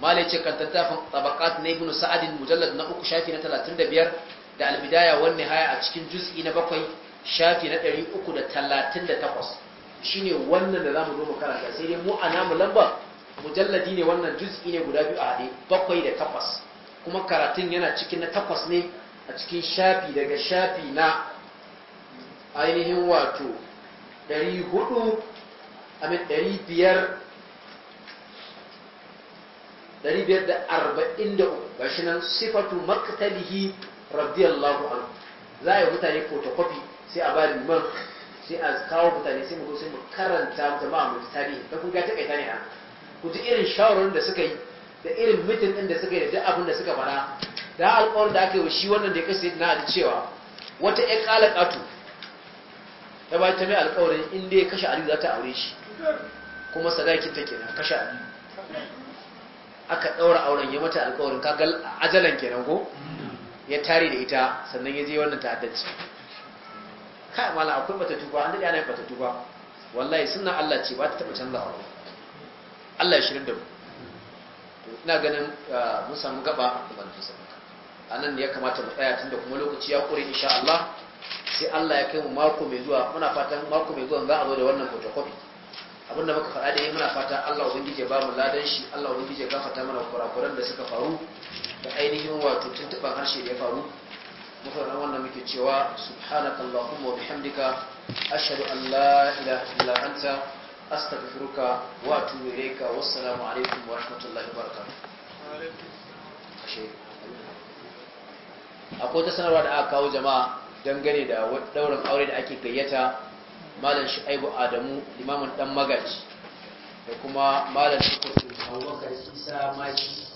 malai ce kan tattafin tabakat na ibn sa'adin mujallad na uku shafi na talatin da biyar da albidaya wani haya a cikin juz'i na bakwai shafi na ɗari uku da talatin da takwas shine wannan da zamu zo mu karanta sai dai mu a namu lamba mujalladi ne wannan juz'i ne guda biyu a haɗe bakwai da takwas kuma karatun yana cikin na takwas ne a cikin shafi daga shafi na ainihin wato 400 amin ga shi nan sifatu maktalihi radiyallahu anhu za a yi mutane photocopy sai a ba liman sai a kawo mutane sai mu sai mu karanta jama'a mu tarihi da kun ga ta kai tarihi ku ji irin shawarar da suka yi da irin mitin ɗin da suka yi da duk abin da suka fara da alƙawarin da aka yi wa shi wannan da ya yadda na ali cewa wata ƴan ƙalaƙatu ta ba ta mai alƙawarin inda ya kashe Aliyu za ta aure shi kuma sadaki ta kenan kashe ali aka ɗaura auren ya mata alƙawarin kagal ajalan kenan ko ya tare da ita sannan ya je wannan ta'addanci kai mala akwai matattu ba an daɗe ana yi matattu ba wallahi sunna Allah ce ba ta taɓa canzawa Allah ya shirin da mu ina ganin uh, mun samu gaba da ban tusa a nan ne ya kamata mu tsaya tun da kuma lokaci ya kure insha Allah sai Allah ya kai mu mako mai zuwa muna fatan mako mai zuwa za a zo da wannan photocopy abinda muka faɗa da muna fata Allah ubangiji ya ba mu ladan shi Allah ubangiji ya gafarta mana kurakuran da suka faru da ainihin wato tuntuban harshe da ya faru muka ran wannan muke cewa subhanakallahumma wa bihamdika ashhadu an la ilaha illa anta astaghfiruka wa atubu ilayka alaikum wa rahmatullahi akwai sanarwa da aka kawo jama'a dangane da daurin aure da ake gayyata malam shu'aibu adamu limamin dan magaji da kuma malam shukur abubakar isa maki